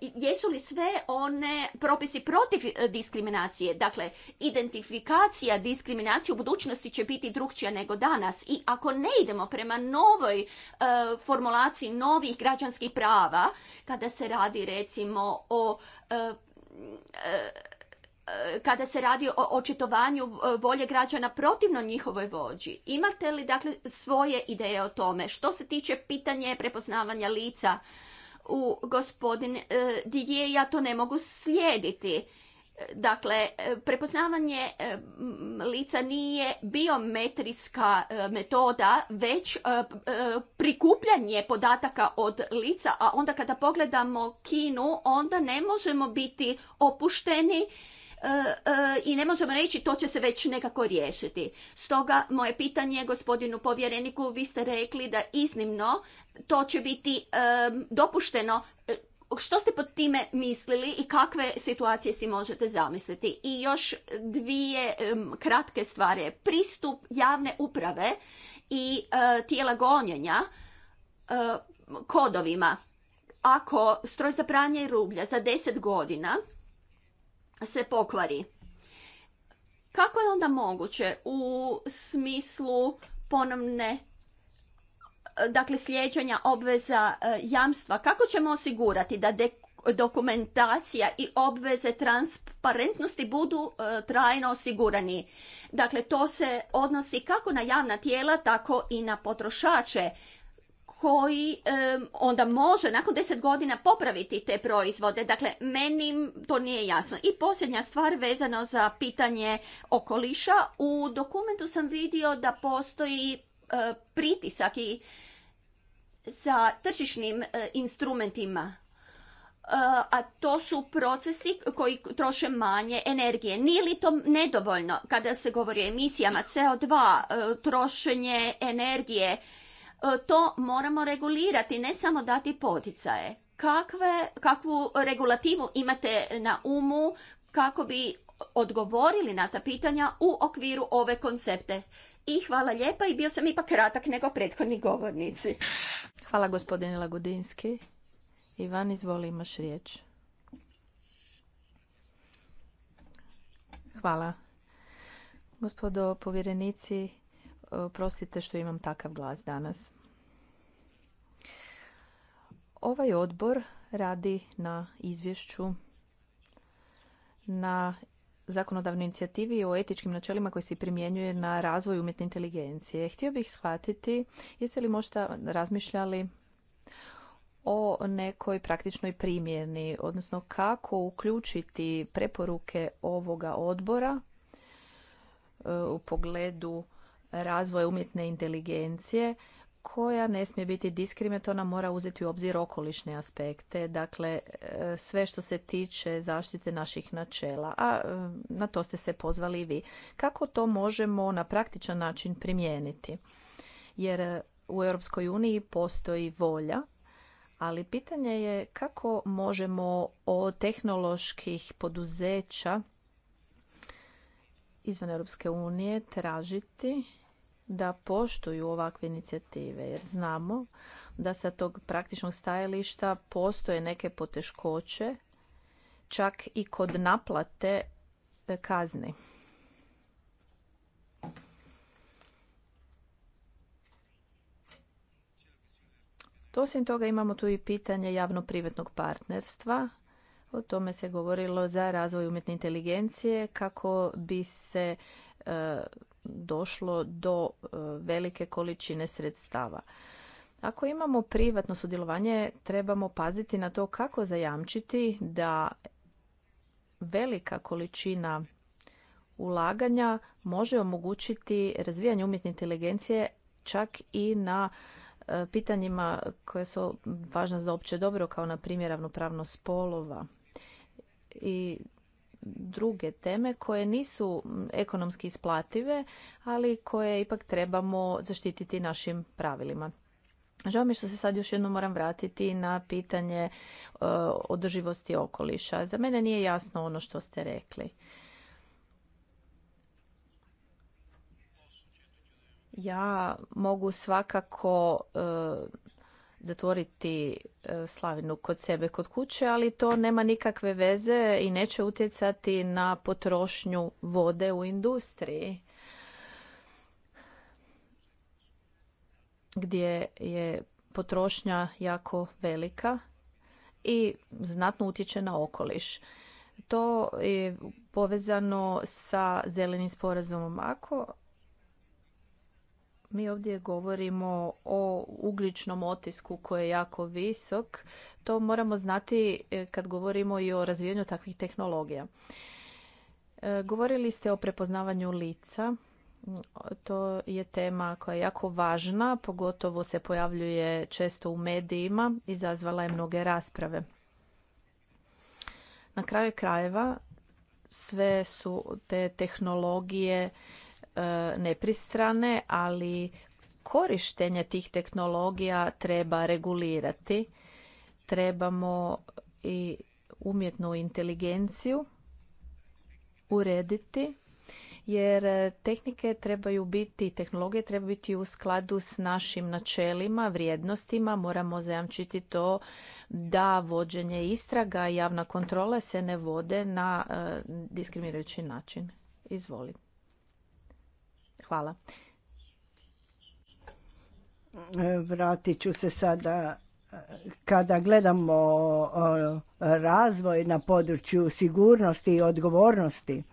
i jesu li sve one propisi protiv diskriminacije dakle identifikacija diskriminacije u budućnosti će biti drukčija nego danas i ako ne idemo prema novoj formulaciji novih građanskih prava kada se radi recimo o E, kada se radi o očitovanju e, volje građana protivno njihovoj vođi. Imate li dakle svoje ideje o tome? Što se tiče pitanje prepoznavanja lica u gospodin e, Didije, ja to ne mogu slijediti. Dakle, prepoznavanje lica nije biometrijska metoda, već prikupljanje podataka od lica, a onda kada pogledamo Kinu, onda ne možemo biti opušteni E, e, i ne možemo reći to će se već nekako riješiti. Stoga moje pitanje gospodinu povjereniku, vi ste rekli da iznimno to će biti e, dopušteno što ste pod time mislili i kakve situacije si možete zamisliti? I još dvije kratke stvari. Pristup javne uprave i tijela gonjenja kodovima. Ako stroj za pranje rublja za 10 godina se pokvari. Kako je onda moguće u smislu ponovne dakle slijeđanja obveza e, jamstva, kako ćemo osigurati da dokumentacija i obveze transparentnosti budu e, trajno osigurani. Dakle, to se odnosi kako na javna tijela, tako i na potrošače koji onda može nakon deset godina popraviti te proizvode. Dakle, meni to nije jasno. I posljednja stvar vezano za pitanje okoliša. U dokumentu sam vidio da postoji e, pritisak i sa tržišnim e, instrumentima e, a to su procesi koji troše manje energije. Nije li to nedovoljno kada se govori o emisijama CO2, trošenje energije E, to moramo regulirati, ne samo dati poticaje. Kakve, kakvu regulativu imate na umu kako bi odgovorili na ta pitanja u okviru ove koncepte? I hvala lijepa i bio sam ipak kratak nego prethodni govornici. Hvala gospodine Lagodinski. Ivan, izvoli, imaš riječ. Hvala. Gospodo povjerenici, E, Prostite što imam takav glas danas. Ovaj odbor radi na izvješću na zakonodavnoj inicijativi o etičkim načelima koji se primjenjuje na razvoj umjetne inteligencije. Htio bih shvatiti, jeste li možda razmišljali o nekoj praktičnoj primjeni, odnosno kako uključiti preporuke ovoga odbora e, u pogledu razvoja umjetne inteligencije koja ne smije biti diskriminatorna, mora uzeti u obzir okolišne aspekte, dakle e, sve što se tiče zaštite naših načela, a e, na to ste se pozvali i vi. Kako to možemo na praktičan način primijeniti? Jer e, u Europskoj uniji postoji volja, ali pitanje je kako možemo od tehnoloških poduzeća izvan Europske unije tražiti da poštuju ovakve inicijative jer znamo da sa tog praktičnog stajališta postoje neke poteškoće čak i kod naplate e, kazni. Osim toga imamo tu i pitanje javno-privatnog partnerstva. O tome se govorilo za razvoj umjetne inteligencije kako bi se e, došlo do e, velike količine sredstava. Ako imamo privatno sudjelovanje, trebamo paziti na to kako zajamčiti da velika količina ulaganja može omogućiti razvijanje umjetne inteligencije čak i na e, pitanjima koje su važna za opće dobro, kao na primjer ravnopravnost spolova. I druge teme koje nisu ekonomski isplative, ali koje ipak trebamo zaštititi našim pravilima. Žao mi što se sad još jednom moram vratiti na pitanje e, održivosti okoliša. Za mene nije jasno ono što ste rekli. Ja mogu svakako e, zatvoriti e, slavinu kod sebe kod kuće, ali to nema nikakve veze i neće utjecati na potrošnju vode u industriji. Gdje je potrošnja jako velika i znatno utječe na okoliš. To je povezano sa zelenim sporazumom ako mi ovdje govorimo o ugličnom otisku koji je jako visok. To moramo znati e, kad govorimo i o razvijanju takvih tehnologija. E, govorili ste o prepoznavanju lica. To je tema koja je jako važna, pogotovo se pojavljuje često u medijima, izazvala je mnoge rasprave. Na kraju krajeva sve su te tehnologije E, nepristrane, ali korištenje tih tehnologija treba regulirati. Trebamo i umjetnu inteligenciju urediti jer tehnike trebaju biti, tehnologije trebaju biti u skladu s našim načelima, vrijednostima. Moramo zajamčiti to da vođenje istraga i javna kontrola se ne vode na e, diskriminirajući način. Izvolite. Hvala. E, vratit ću se sada e, kada gledamo e, razvoj na području sigurnosti i odgovornosti.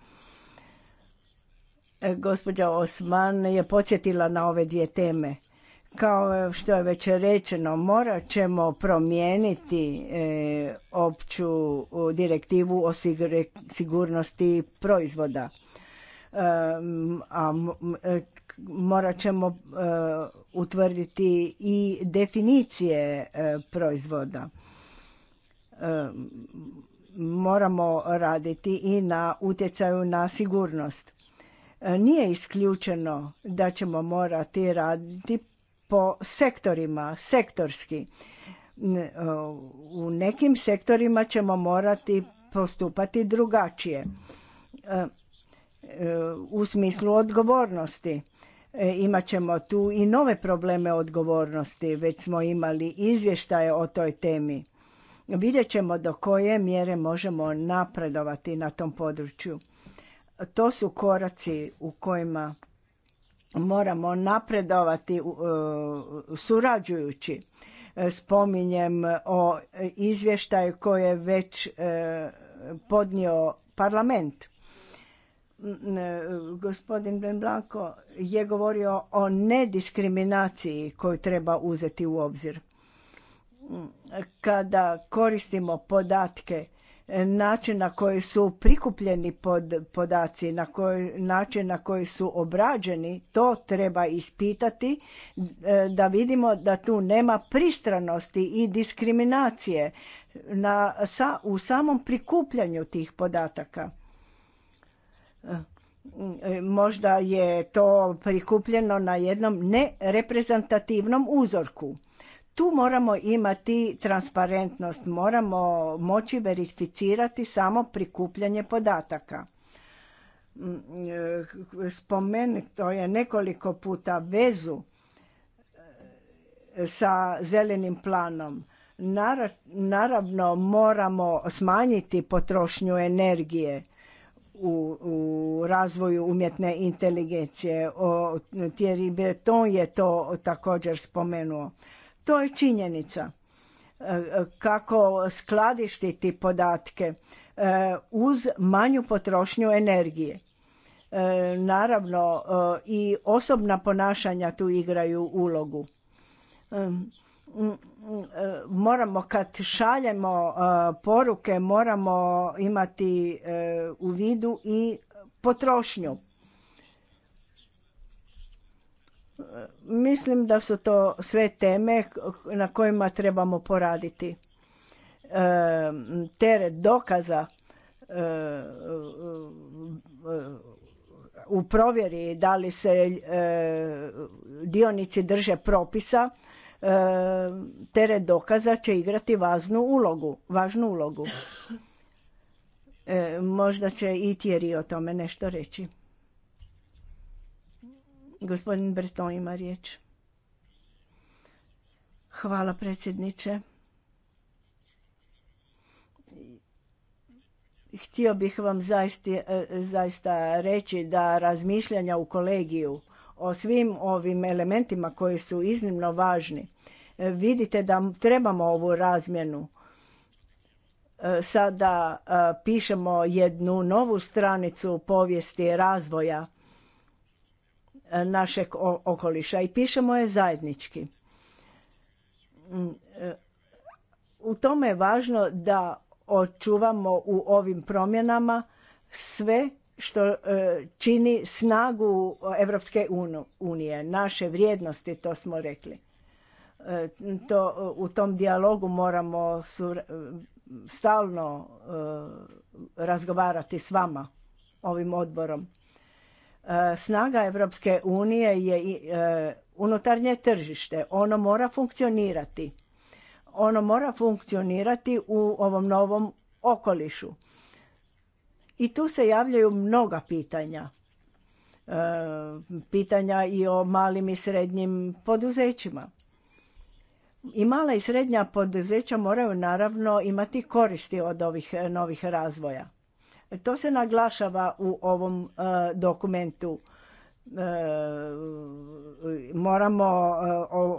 Gospođa Osman je podsjetila na ove dvije teme. Kao što je već rečeno, morat ćemo promijeniti opću direktivu o sigurnosti proizvoda a e, morat ćemo e, utvrditi i definicije e, proizvoda. Moramo raditi i na utjecaju na sigurnost. Nije isključeno da ćemo morati raditi po sektorima, sektorski. U nekim sektorima ćemo morati postupati drugačije u smislu odgovornosti. E, imat ćemo tu i nove probleme odgovornosti, već smo imali izvještaje o toj temi. Vidjet ćemo do koje mjere možemo napredovati na tom području. To su koraci u kojima moramo napredovati e, surađujući. E, spominjem o izvještaju koje je već podnio parlament E, gospodin Ben Blanco je govorio o nediskriminaciji koju treba uzeti u obzir. Kada koristimo podatke, e, način na koji su prikupljeni pod podaci, na koji, način na koji su obrađeni, to treba ispitati e, da vidimo da tu nema pristranosti i diskriminacije na, sa, u samom prikupljanju tih podataka E, možda je to prikupljeno na jednom nereprezentativnom uzorku. Tu moramo imati transparentnost, moramo moći verificirati samo prikupljanje podataka. Mm, e, to je nekoliko puta vezu e, sa zelenim planom. Naravno moramo smanjiti potrošnju energije u, u razvoju umjetne inteligencije. O, Thierry Breton je to također spomenuo. To je činjenica. E, kako skladištiti podatke e, uz manju potrošnju energije. E, naravno i osobna ponašanja tu igraju ulogu. E, moramo kad šaljemo e, poruke moramo imati e, u vidu i potrošnju. Mislim da su to sve teme na kojima trebamo poraditi. Teret dokaza u provjeri da li se dionici drže propisa E, teret dokaza će igrati važnu ulogu. Važnu ulogu. E, možda će i Thierry o tome nešto reći. Gospodin Breton ima riječ. Hvala predsjedniče. Htio bih vam zaista, e, zaista reći da razmišljanja u kolegiju o svim ovim elementima koji su iznimno važni. E, vidite da trebamo ovu razmjenu. E, sada e, pišemo jednu novu stranicu povijesti razvoja našeg okoliša i pišemo je zajednički. Mm, u tome je važno da očuvamo u ovim promjenama sve što e, čini snagu Evropske unije, naše vrijednosti, to smo rekli. E, to, u tom dijalogu moramo e, stalno razgovarati s vama, ovim odborom. Snaga Evropske unije je unutarnje tržište. Ono mora funkcionirati. Ono mora funkcionirati u ovom novom okolišu i tu se javljaju mnoga pitanja. E, pitanja i o malim i srednjim poduzećima. I mala i srednja poduzeća moraju naravno imati koristi od ovih e, novih razvoja. To se naglašava u ovom e, dokumentu. moramo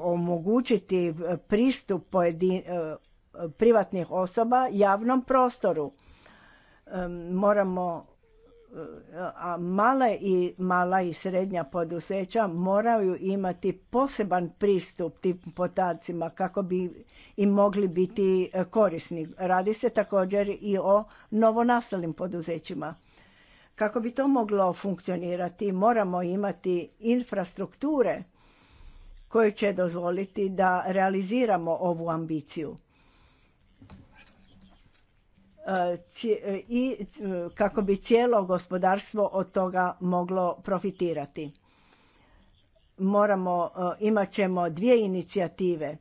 omogućiti pristup pojedin, privatnih osoba javnom prostoru moramo e, a male i mala i srednja poduzeća moraju imati poseban pristup tim podacima kako bi i mogli biti e, korisni. Radi se također i o novonastalim poduzećima. Kako bi to moglo funkcionirati, moramo imati infrastrukture koje će dozvoliti da realiziramo ovu ambiciju. E, i e, kako bi cijelo gospodarstvo od toga moglo profitirati. Moramo, e, imat ćemo dvije inicijative.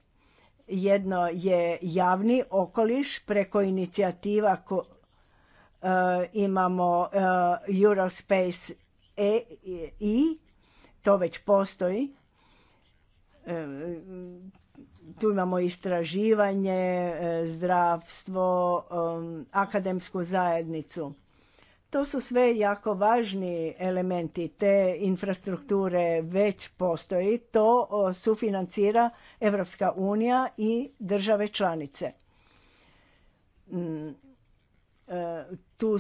Jedno je javni okoliš preko inicijativa ko, imamo Eurospace e, i to već postoji tu imamo istraživanje, e, zdravstvo, e, akademsku zajednicu. To su sve jako važni elementi te infrastrukture već postoji. To sufinancira Evropska unija i države članice. Mm, e, tu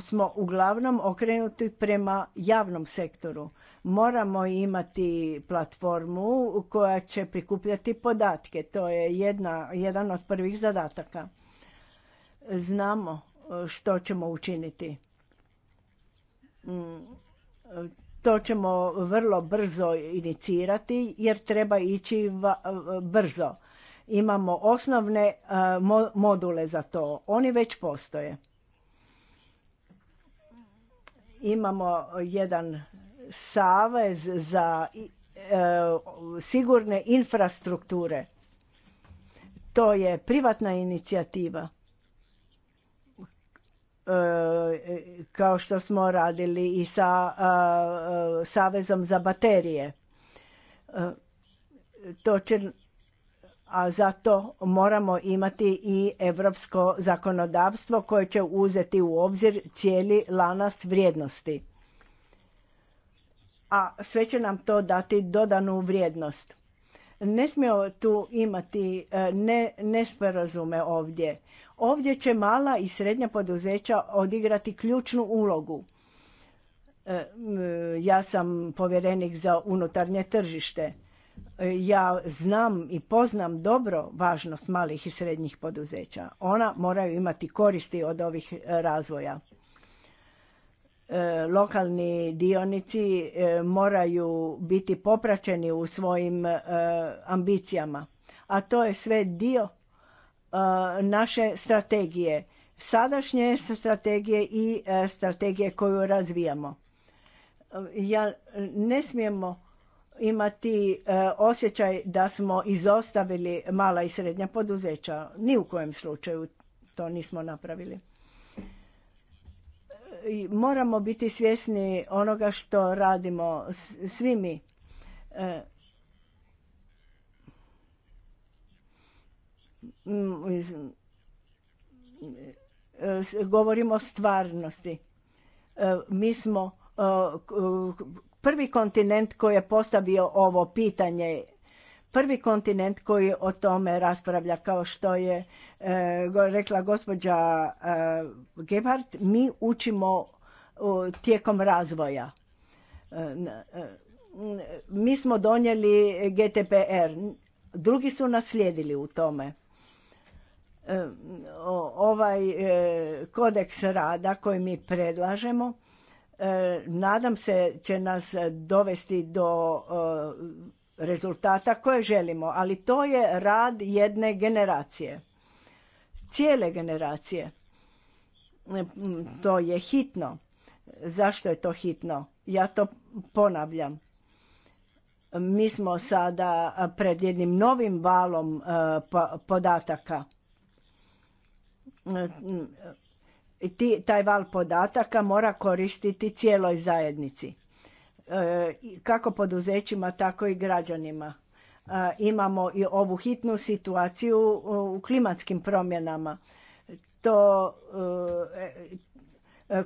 smo uglavnom okrenuti prema javnom sektoru. Moramo imati platformu koja će prikupljati podatke. To je jedna, jedan od prvih zadataka. Znamo e, što ćemo učiniti. Mm, to ćemo vrlo brzo inicirati jer treba ići e, brzo. Imamo osnovne e, module za to. Oni već postoje. Imamo jedan savez za e, sigurne infrastrukture. To je privatna inicijativa. E, kao što smo radili i sa e, Savezom za baterije. To a zato moramo imati i europsko zakonodavstvo koje će uzeti u obzir cijeli lanac vrijednosti a sve će nam to dati dodanu vrijednost. Ne smijemo tu imati e, ne, nesporazume ovdje. Ovdje će mala i srednja poduzeća odigrati ključnu ulogu. E, ja sam povjerenik za unutarnje tržište. E, ja znam i poznam dobro važnost malih i srednjih poduzeća. Ona moraju imati koristi od ovih razvoja. E, lokalni dionici e, moraju biti popraćeni u svojim e, ambicijama. A to je sve dio naše strategije, sadašnje strategije i strategije koju razvijamo. Ja, ne smijemo imati osjećaj da smo izostavili mala i srednja poduzeća. Ni u kojem slučaju to nismo napravili moramo biti svjesni onoga što radimo svi mi. E, mm, e, govorimo o stvarnosti. E, mi smo prvi kontinent koji je postavio ovo pitanje prvi kontinent koji o tome raspravlja kao što je e, rekla gospođa e, Gebhardt, mi učimo tijekom razvoja. E, e, mi smo donijeli GTPR, drugi su naslijedili u tome. Ovaj kodeks rada koji mi predlažemo nadam se će nas dovesti do rezultata koje želimo, ali to je rad jedne generacije, cijele generacije. To je hitno. Zašto je to hitno? Ja to ponavljam. Mi smo sada pred jednim novim valom e, podataka. E, taj val podataka mora koristiti cijeloj zajednici E, kako poduzećima, tako i građanima. E, imamo i ovu hitnu situaciju e, u klimatskim promjenama. To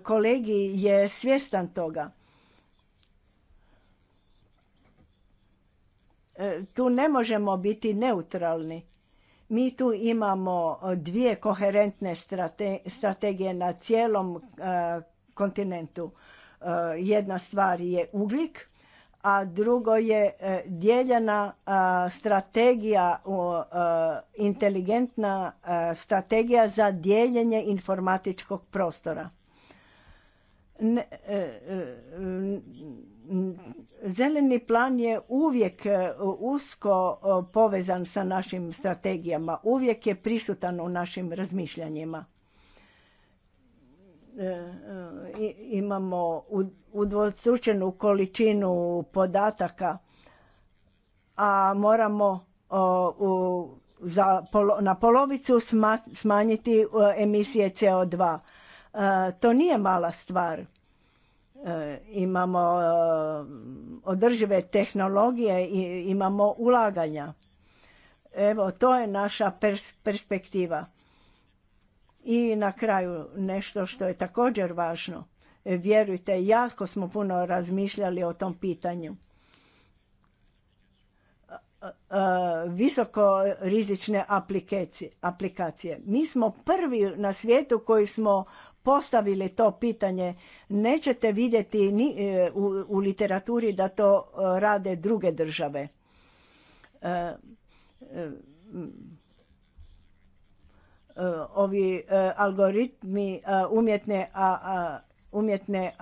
kolegi je svjestan toga. Tu ne možemo biti neutralni. Mi tu imamo dvije koherentne strategije na cijelom kontinentu. Eh, jedna stvar je ugljik, a drugo je eh, dijeljena eh, strategija, inteligentna strategija za dijeljenje informatičkog prostora. zeleni plan je uvijek usko povezan sa našim strategijama, uvijek je prisutan u našim razmišljanjima. E, imamo udvostručenu količinu podataka, a moramo na polovicu smanjiti emisije CO2. E, to nije mala stvar. E, imamo održive tehnologije i imamo ulaganja. Evo, to je naša perspektiva. I na kraju nešto što je također važno. E, vjerujte, jako smo puno razmišljali o tom pitanju. E, e, visoko rizične aplikacije. Mi smo prvi na svijetu koji smo postavili to pitanje. Nećete vidjeti ni u, literaturi da to rade druge države. E, ovi e, algoritmi e, umjetne, a, umjetne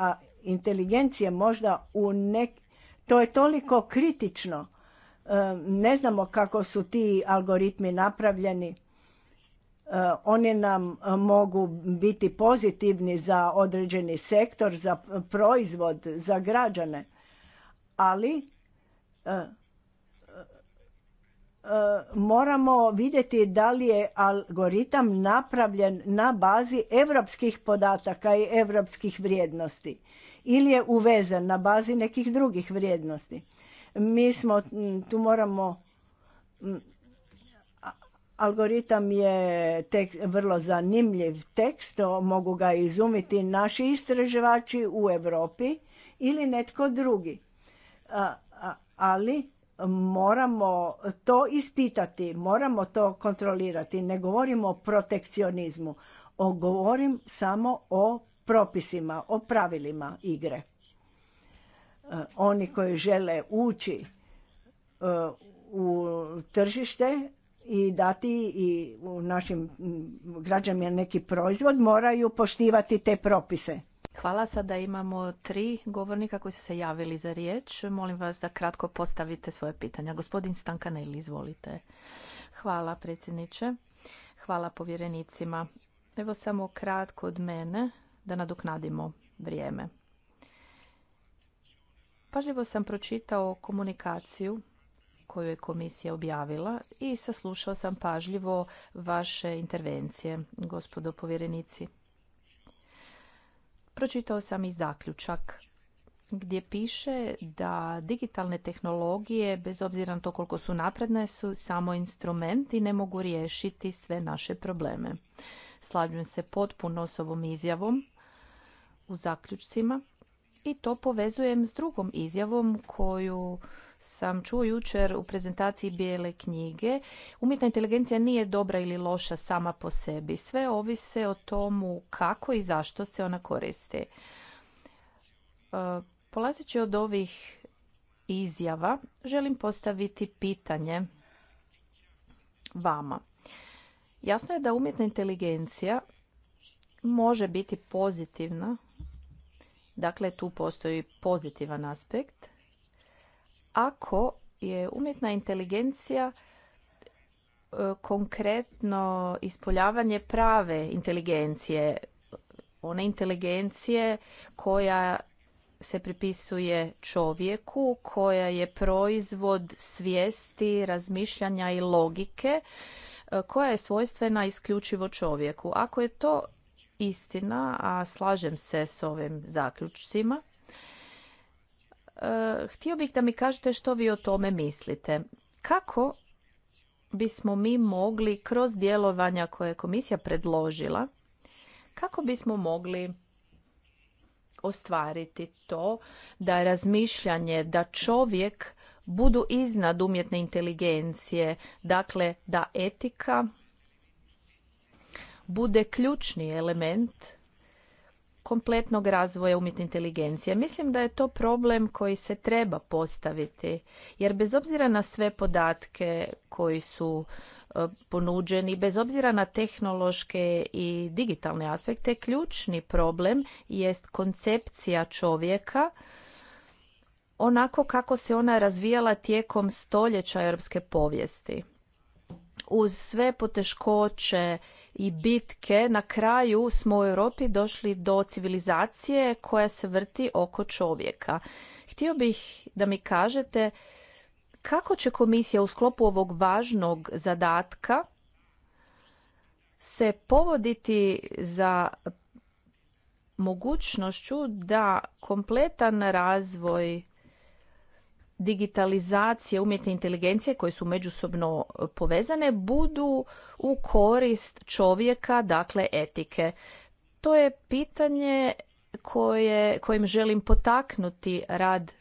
inteligencije možda u nek... To je toliko kritično. Ne znamo kako su ti algoritmi napravljeni. Oni nam mogu biti pozitivni za određeni sektor, za proizvod, za građane. Ali E, moramo vidjeti da li je algoritam napravljen na bazi europskih podataka i europskih vrijednosti ili je uvezen na bazi nekih drugih vrijednosti. Mi smo, tu moramo, algoritam je tek, vrlo zanimljiv tekst, mogu ga izumiti naši istraživači u Europi ili netko drugi. Ali moramo to ispitati, moramo to kontrolirati. Ne govorimo o protekcionizmu, o govorim samo o propisima, o pravilima igre. E, oni koji žele ući e, u tržište i dati i u našim građanima neki proizvod moraju poštivati te propise. Hvala. Sada imamo tri govornika koji su se javili za riječ. Molim vas da kratko postavite svoje pitanja. Gospodin Stankaneli, izvolite. Hvala predsjedniče. Hvala povjerenicima. Evo samo kratko od mene da nadoknadimo vrijeme. Pažljivo sam pročitao komunikaciju koju je komisija objavila i saslušao sam pažljivo vaše intervencije, gospodo povjerenici pročitao sam i zaključak gdje piše da digitalne tehnologije, bez obzira na to koliko su napredne, su samo instrument i ne mogu riješiti sve naše probleme. Slažem se potpuno s ovom izjavom u zaključcima i to povezujem s drugom izjavom koju sam čuo jučer u prezentaciji Bijele knjige, umjetna inteligencija nije dobra ili loša sama po sebi. Sve ovise o tomu kako i zašto se ona koristi. E, polazeći od ovih izjava, želim postaviti pitanje vama. Jasno je da umjetna inteligencija može biti pozitivna, dakle tu postoji pozitivan aspekt, ako je umjetna inteligencija e, konkretno ispoljavanje prave inteligencije, one inteligencije koja se pripisuje čovjeku, koja je proizvod svijesti, razmišljanja i logike, e, koja je svojstvena isključivo čovjeku. Ako je to istina, a slažem se s ovim zaključcima, htio bih da mi kažete što vi o tome mislite. Kako bismo mi mogli kroz djelovanja koje je komisija predložila, kako bismo mogli ostvariti to da je razmišljanje da čovjek budu iznad umjetne inteligencije, dakle da etika bude ključni element kompletnog razvoja umjetne inteligencije. Mislim da je to problem koji se treba postaviti, jer bez obzira na sve podatke koji su e, ponuđeni, bez obzira na tehnološke i digitalne aspekte, ključni problem jest koncepcija čovjeka onako kako se ona razvijala tijekom stoljeća europske povijesti. Uz sve poteškoće i bitke na kraju smo u Europi došli do civilizacije koja se vrti oko čovjeka. Htio bih da mi kažete kako će komisija u sklopu ovog važnog zadatka se povoditi za mogućnošću da kompletan razvoj digitalizacije umjetne inteligencije koje su međusobno povezane budu u korist čovjeka, dakle etike. To je pitanje koje, kojim želim potaknuti rad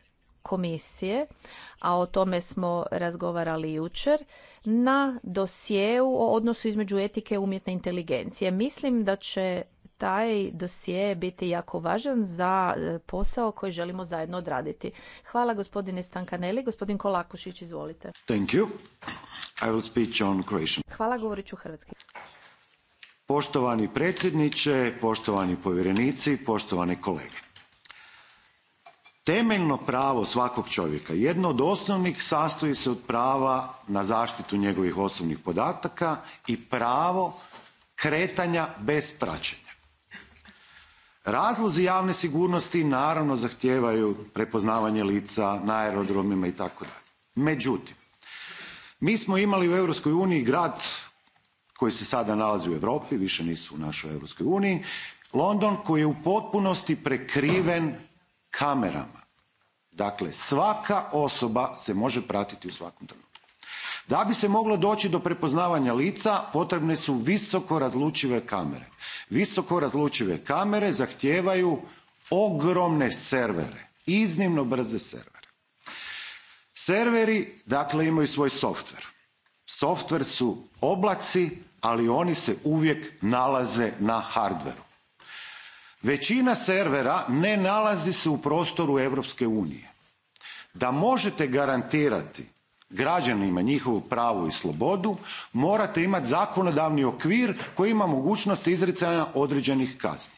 komisije, a o tome smo razgovarali jučer, na dosjeu o odnosu između etike i umjetne inteligencije. Mislim da će taj dosije biti jako važan za e, posao koji želimo zajedno odraditi. Hvala gospodine Stankaneli. Gospodin Kolakušić, izvolite. Thank you. I will speak on Croatian. Hvala, govorit hrvatski. Poštovani predsjedniče, poštovani povjerenici, poštovane kolege. Temeljno pravo svakog čovjeka, jedno od osnovnih, sastoji se od prava na zaštitu njegovih osobnih podataka i pravo kretanja bez praćenja. Razlozi javne sigurnosti naravno zahtijevaju prepoznavanje lica na aerodromima i tako dalje. Međutim, mi smo imali u Europskoj uniji grad koji se sada nalazi u Europi, više nisu u našoj Europskoj uniji, London koji je u potpunosti prekriven kamerama. Dakle, svaka osoba se može pratiti u svakom trenutku. Da bi se moglo doći do prepoznavanja lica potrebne su visoko razlučive kamere. Visoko razlučive kamere zahtijevaju ogromne servere, iznimno brze servere. Serveri dakle imaju svoj softver. Softver su oblaci, ali oni se uvijek nalaze na hardveru. Većina servera ne nalazi se u prostoru Europske unije. Da možete garantirati građanima njihovu pravu i slobodu morate imati zakonodavni okvir koji ima mogućnost izricanja određenih kazni.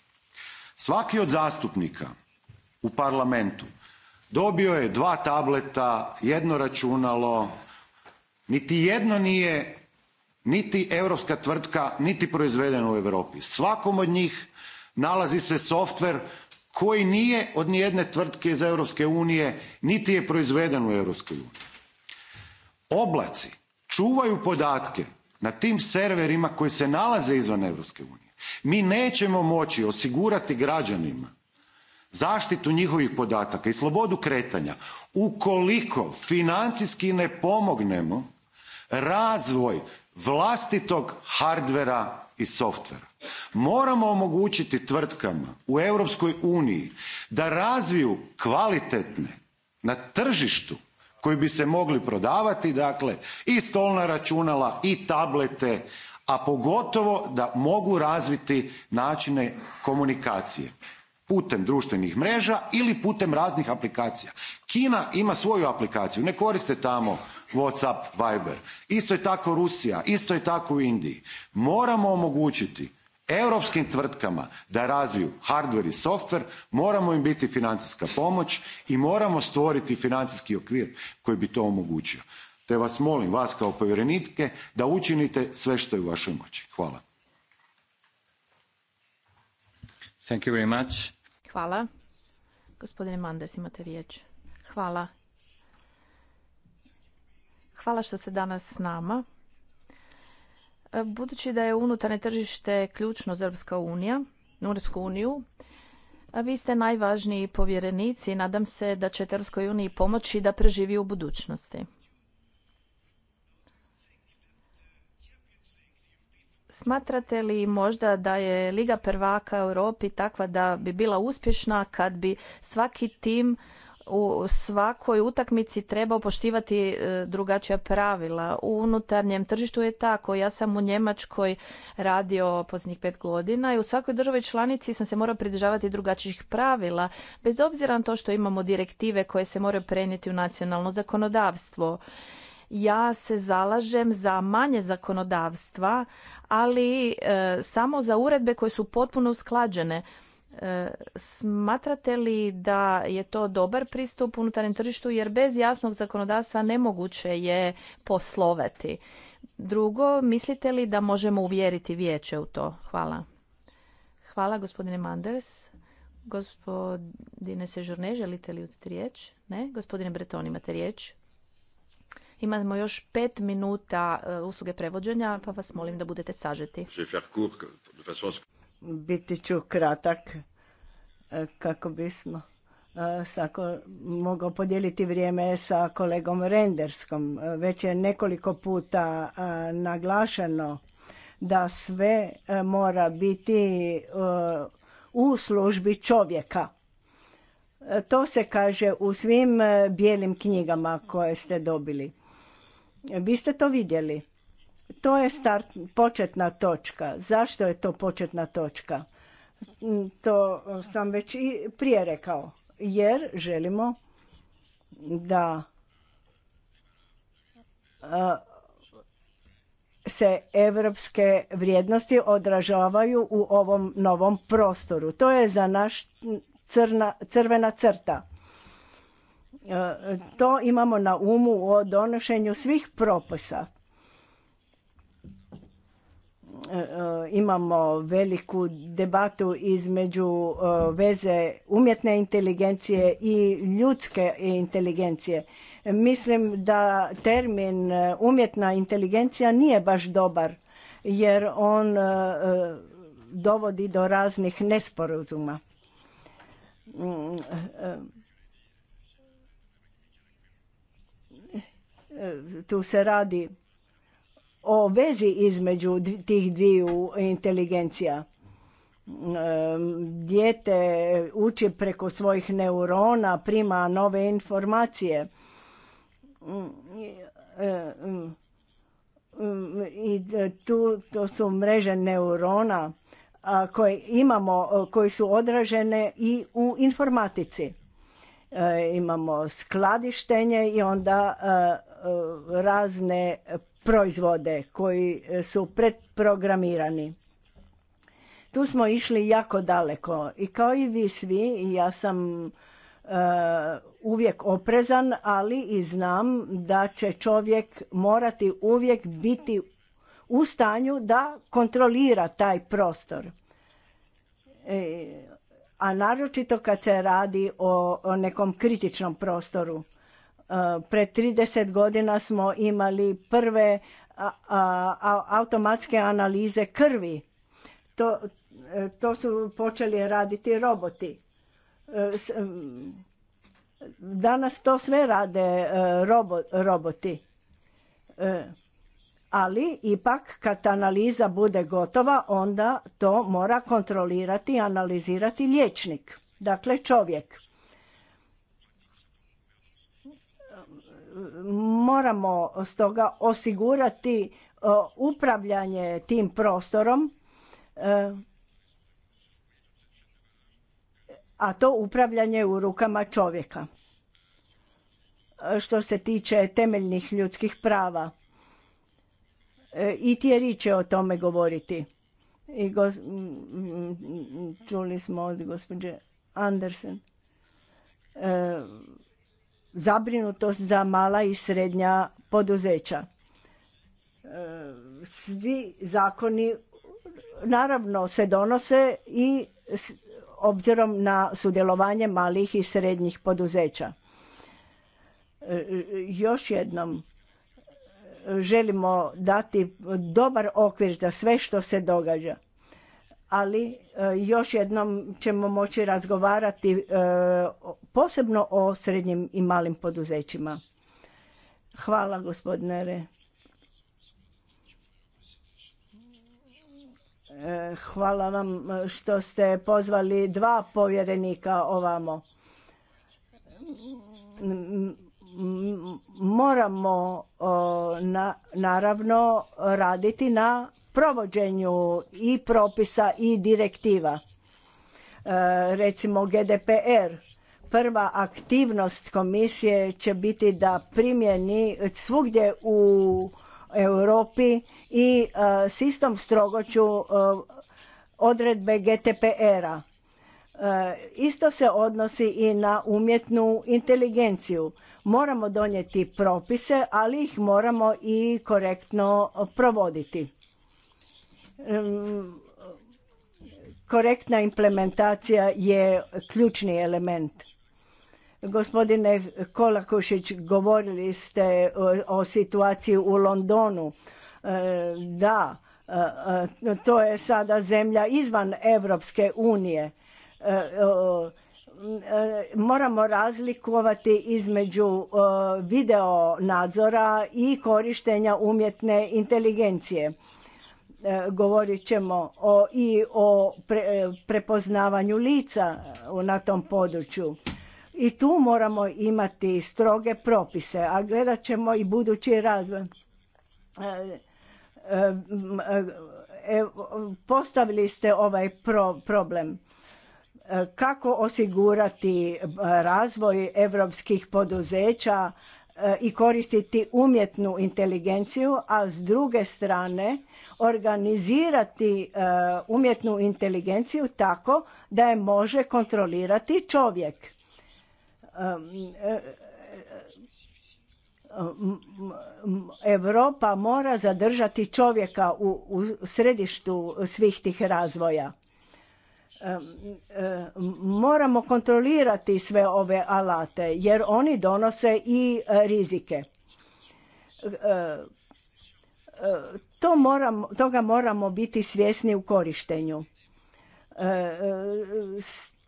Svaki od zastupnika u parlamentu dobio je dva tableta, jedno računalo, niti jedno nije niti europska tvrtka niti proizvedeno u Europi. Svakom od njih nalazi se softver koji nije od nijedne tvrtke iz Europske unije niti je proizveden u Europskoj oblaci čuvaju podatke na tim serverima koji se nalaze izvan europske unije mi nećemo moći osigurati građanima zaštitu njihovih podataka i slobodu kretanja ukoliko financijski ne pomognemo razvoj vlastitog hardvera i softvera. moramo omogućiti tvrtkama u europskoj uniji da razviju kvalitetne na tržištu koji bi se mogli prodavati dakle i stolna računala i tablete a pogotovo da mogu razviti načine komunikacije putem društvenih mreža ili putem raznih aplikacija. Kina ima svoju aplikaciju, ne koriste tamo Whatsapp, Viber. Isto je tako Rusija, isto je tako u Indiji. Moramo omogućiti europskim tvrtkama da razviju hardver i softver moramo im biti financijska pomoć i moramo stvoriti financijski okvir koji bi to omogućio te vas molim vas kao povjerenitke, da učinite sve što je u vašoj moći. hvala. Gospodine Hvala. Hvala što ste danas s nama. Budući da je unutarnje tržište ključno za Europska unija, Europsku uniju, vi ste najvažniji povjerenici i nadam se da će Europskoj uniji pomoći da preživi u budućnosti. Smatrate li možda da je Liga prvaka Europi takva da bi bila uspješna kad bi svaki tim u svakoj utakmici treba poštivati e, drugačija pravila. U unutarnjem tržištu je tako. Ja sam u Njemačkoj radio posljednjih pet godina i u svakoj državi članici sam se morao pridržavati drugačijih pravila, bez obzira na to što imamo direktive koje se moraju prenijeti u nacionalno zakonodavstvo. Ja se zalažem za manje zakonodavstva, ali e, samo za uredbe koje su potpuno usklađene. E, smatrate li da je to dobar pristup unutarnjem tržištu jer bez jasnog zakonodavstva nemoguće je poslovati? Drugo, mislite li da možemo uvjeriti vijeće u to? Hvala. Hvala gospodine Manders. Gospodine Sežurne, želite li uzeti riječ? Ne? Gospodine Breton, imate riječ? Imamo još pet minuta e, usluge prevođenja, pa vas molim da budete sažeti biti ću kratak e, kako bismo e, sako, mogao podijeliti vrijeme sa kolegom Renderskom. E, već je nekoliko puta naglašeno da sve mora biti u službi čovjeka. To se kaže u svim bijelim knjigama koje ste dobili. Vi ste to vidjeli. To je start, početna točka. Zašto je to početna točka? Mm, to e, sam već i prije rekao. Jer želimo da e, se evropske vrijednosti odražavaju u ovom novom prostoru. To je za naš crna, crvena crta. E, to imamo na umu o donošenju svih propisa. E, e, imamo veliku debatu između e, veze umjetne inteligencije i ljudske inteligencije. Mislim da termin umjetna inteligencija nije baš dobar jer on dovodi do raznih nesporazuma. Mm, tu se radi o vezi između tih dviju inteligencija. Dijete uči preko svojih neurona, prima nove informacije i to su mreže neurona koje imamo, koji su odražene i u informatici. Imamo skladištenje i onda razne proizvode koji e, su predprogramirani. Tu smo išli jako daleko i kao i vi svi, ja sam e, uvijek oprezan, ali i znam da će čovjek morati uvijek biti u stanju da kontrolira taj prostor. E, a naročito kad se radi o nekom kritičnom prostoru E, Pre 30 godina smo imali prve automatske analize krvi. To, e, to su počeli raditi roboti. E, danas to sve rade roboti. Ali ipak kad analiza bude gotova, onda to mora kontrolirati i analizirati liječnik, dakle čovjek. moramo stoga osigurati e, upravljanje tim prostorom e, a to upravljanje u rukama čovjeka e, što se tiče temeljnih ljudskih prava i Tjeri će o tome govoriti i go, čuli smo od gospođe Andersen zabrinutost za mala i srednja poduzeća. E, svi zakoni naravno se donose i obzirom na sudjelovanje malih i srednjih poduzeća. E, još jednom želimo dati dobar okvir za sve što se događa ali e, još jednom ćemo moći razgovarati e, posebno o srednjim i malim poduzećima. Hvala gospodine e, Hvala vam što ste pozvali dva povjerenika ovamo. Moramo naravno raditi na provođenju i propisa i direktiva. E, recimo GDPR. Prva aktivnost komisije će biti da primjeni svugdje u Europi i e, s istom strogoću e, odredbe GDPR-a. Isto se odnosi i na umjetnu inteligenciju. Moramo donijeti propise, ali ih moramo i korektno provoditi korektna implementacija je ključni element. Gospodine Kolakušić, govorili ste o situaciji u Londonu. E, da, e, e, to je sada zemlja izvan Evropske unije. Moramo razlikovati između video nadzora i korištenja umjetne inteligencije E, govorit ćemo o, i o e, prepoznavanju lica e, na tom području. I tu moramo imati stroge propise, a gledat ćemo i budući razvoj. Postavili ste ovaj problem. Kako osigurati razvoj europskih poduzeća i koristiti umjetnu inteligenciju, a s druge strane organizirati e, umjetnu inteligenciju tako da je može kontrolirati čovjek. E, Europa mora zadržati čovjeka u, središtu svih tih razvoja. E, moramo kontrolirati sve ove alate jer oni donose i rizike to toga moramo biti svjesni u korištenju. E, e,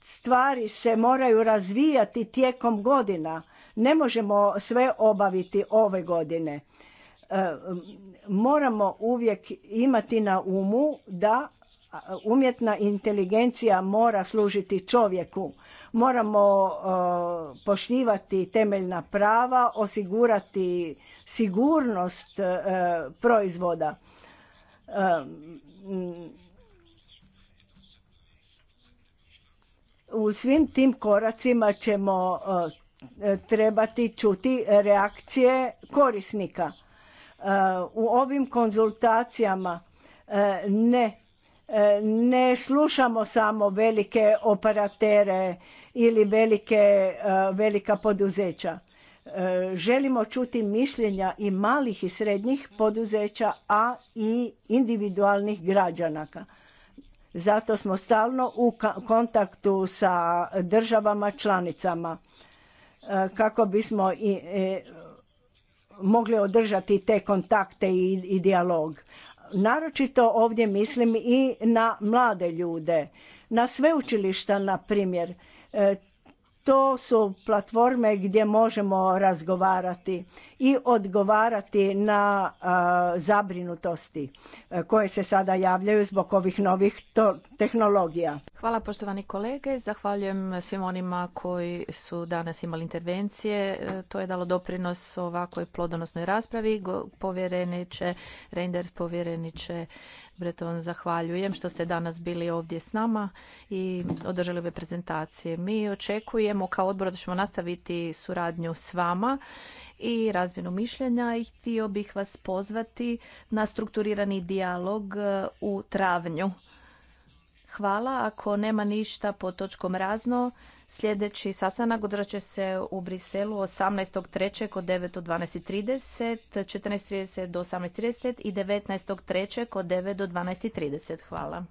stvari se moraju razvijati tijekom godina. Ne možemo sve obaviti ove godine. E, moramo uvijek imati na umu da umjetna inteligencija mora služiti čovjeku Moramo e, poštivati temeljna prava, osigurati sigurnost e, proizvoda. E, u svim tim koracima ćemo trebati čuti reakcije korisnika. U ovim konzultacijama ne ne slušamo samo velike operatere ili velike, e, velika poduzeća. E, želimo čuti mišljenja i malih i srednjih poduzeća, a i individualnih građanaka. Zato smo stalno u kontaktu sa državama članicama e, kako bismo i mogli održati te kontakte i, i dijalog. Naročito ovdje mislim i na mlade ljude. Na sveučilišta, na primjer, E, to su platforme gdje možemo razgovarati i odgovarati na e, zabrinutosti e, koje se sada javljaju zbog ovih novih tehnologija. Hvala poštovani kolege, zahvaljujem svim onima koji su danas imali intervencije. To je dalo doprinos ovakvoj plodonosnoj raspravi. Povjereniče Reinders, povjereniče Breton, zahvaljujem što ste danas bili ovdje s nama i održali ove prezentacije. Mi očekujemo kao odbor da ćemo nastaviti suradnju s vama i razmjenu mišljenja i htio bih vas pozvati na strukturirani dijalog e, u travnju. Hvala. Ako nema ništa pod točkom razno, Sljedeći sastanak održat će se u Briselu 18.3. od 9 do 12.30, 14.30 do 18.30 i 19.3. od 9 do 12.30. Hvala.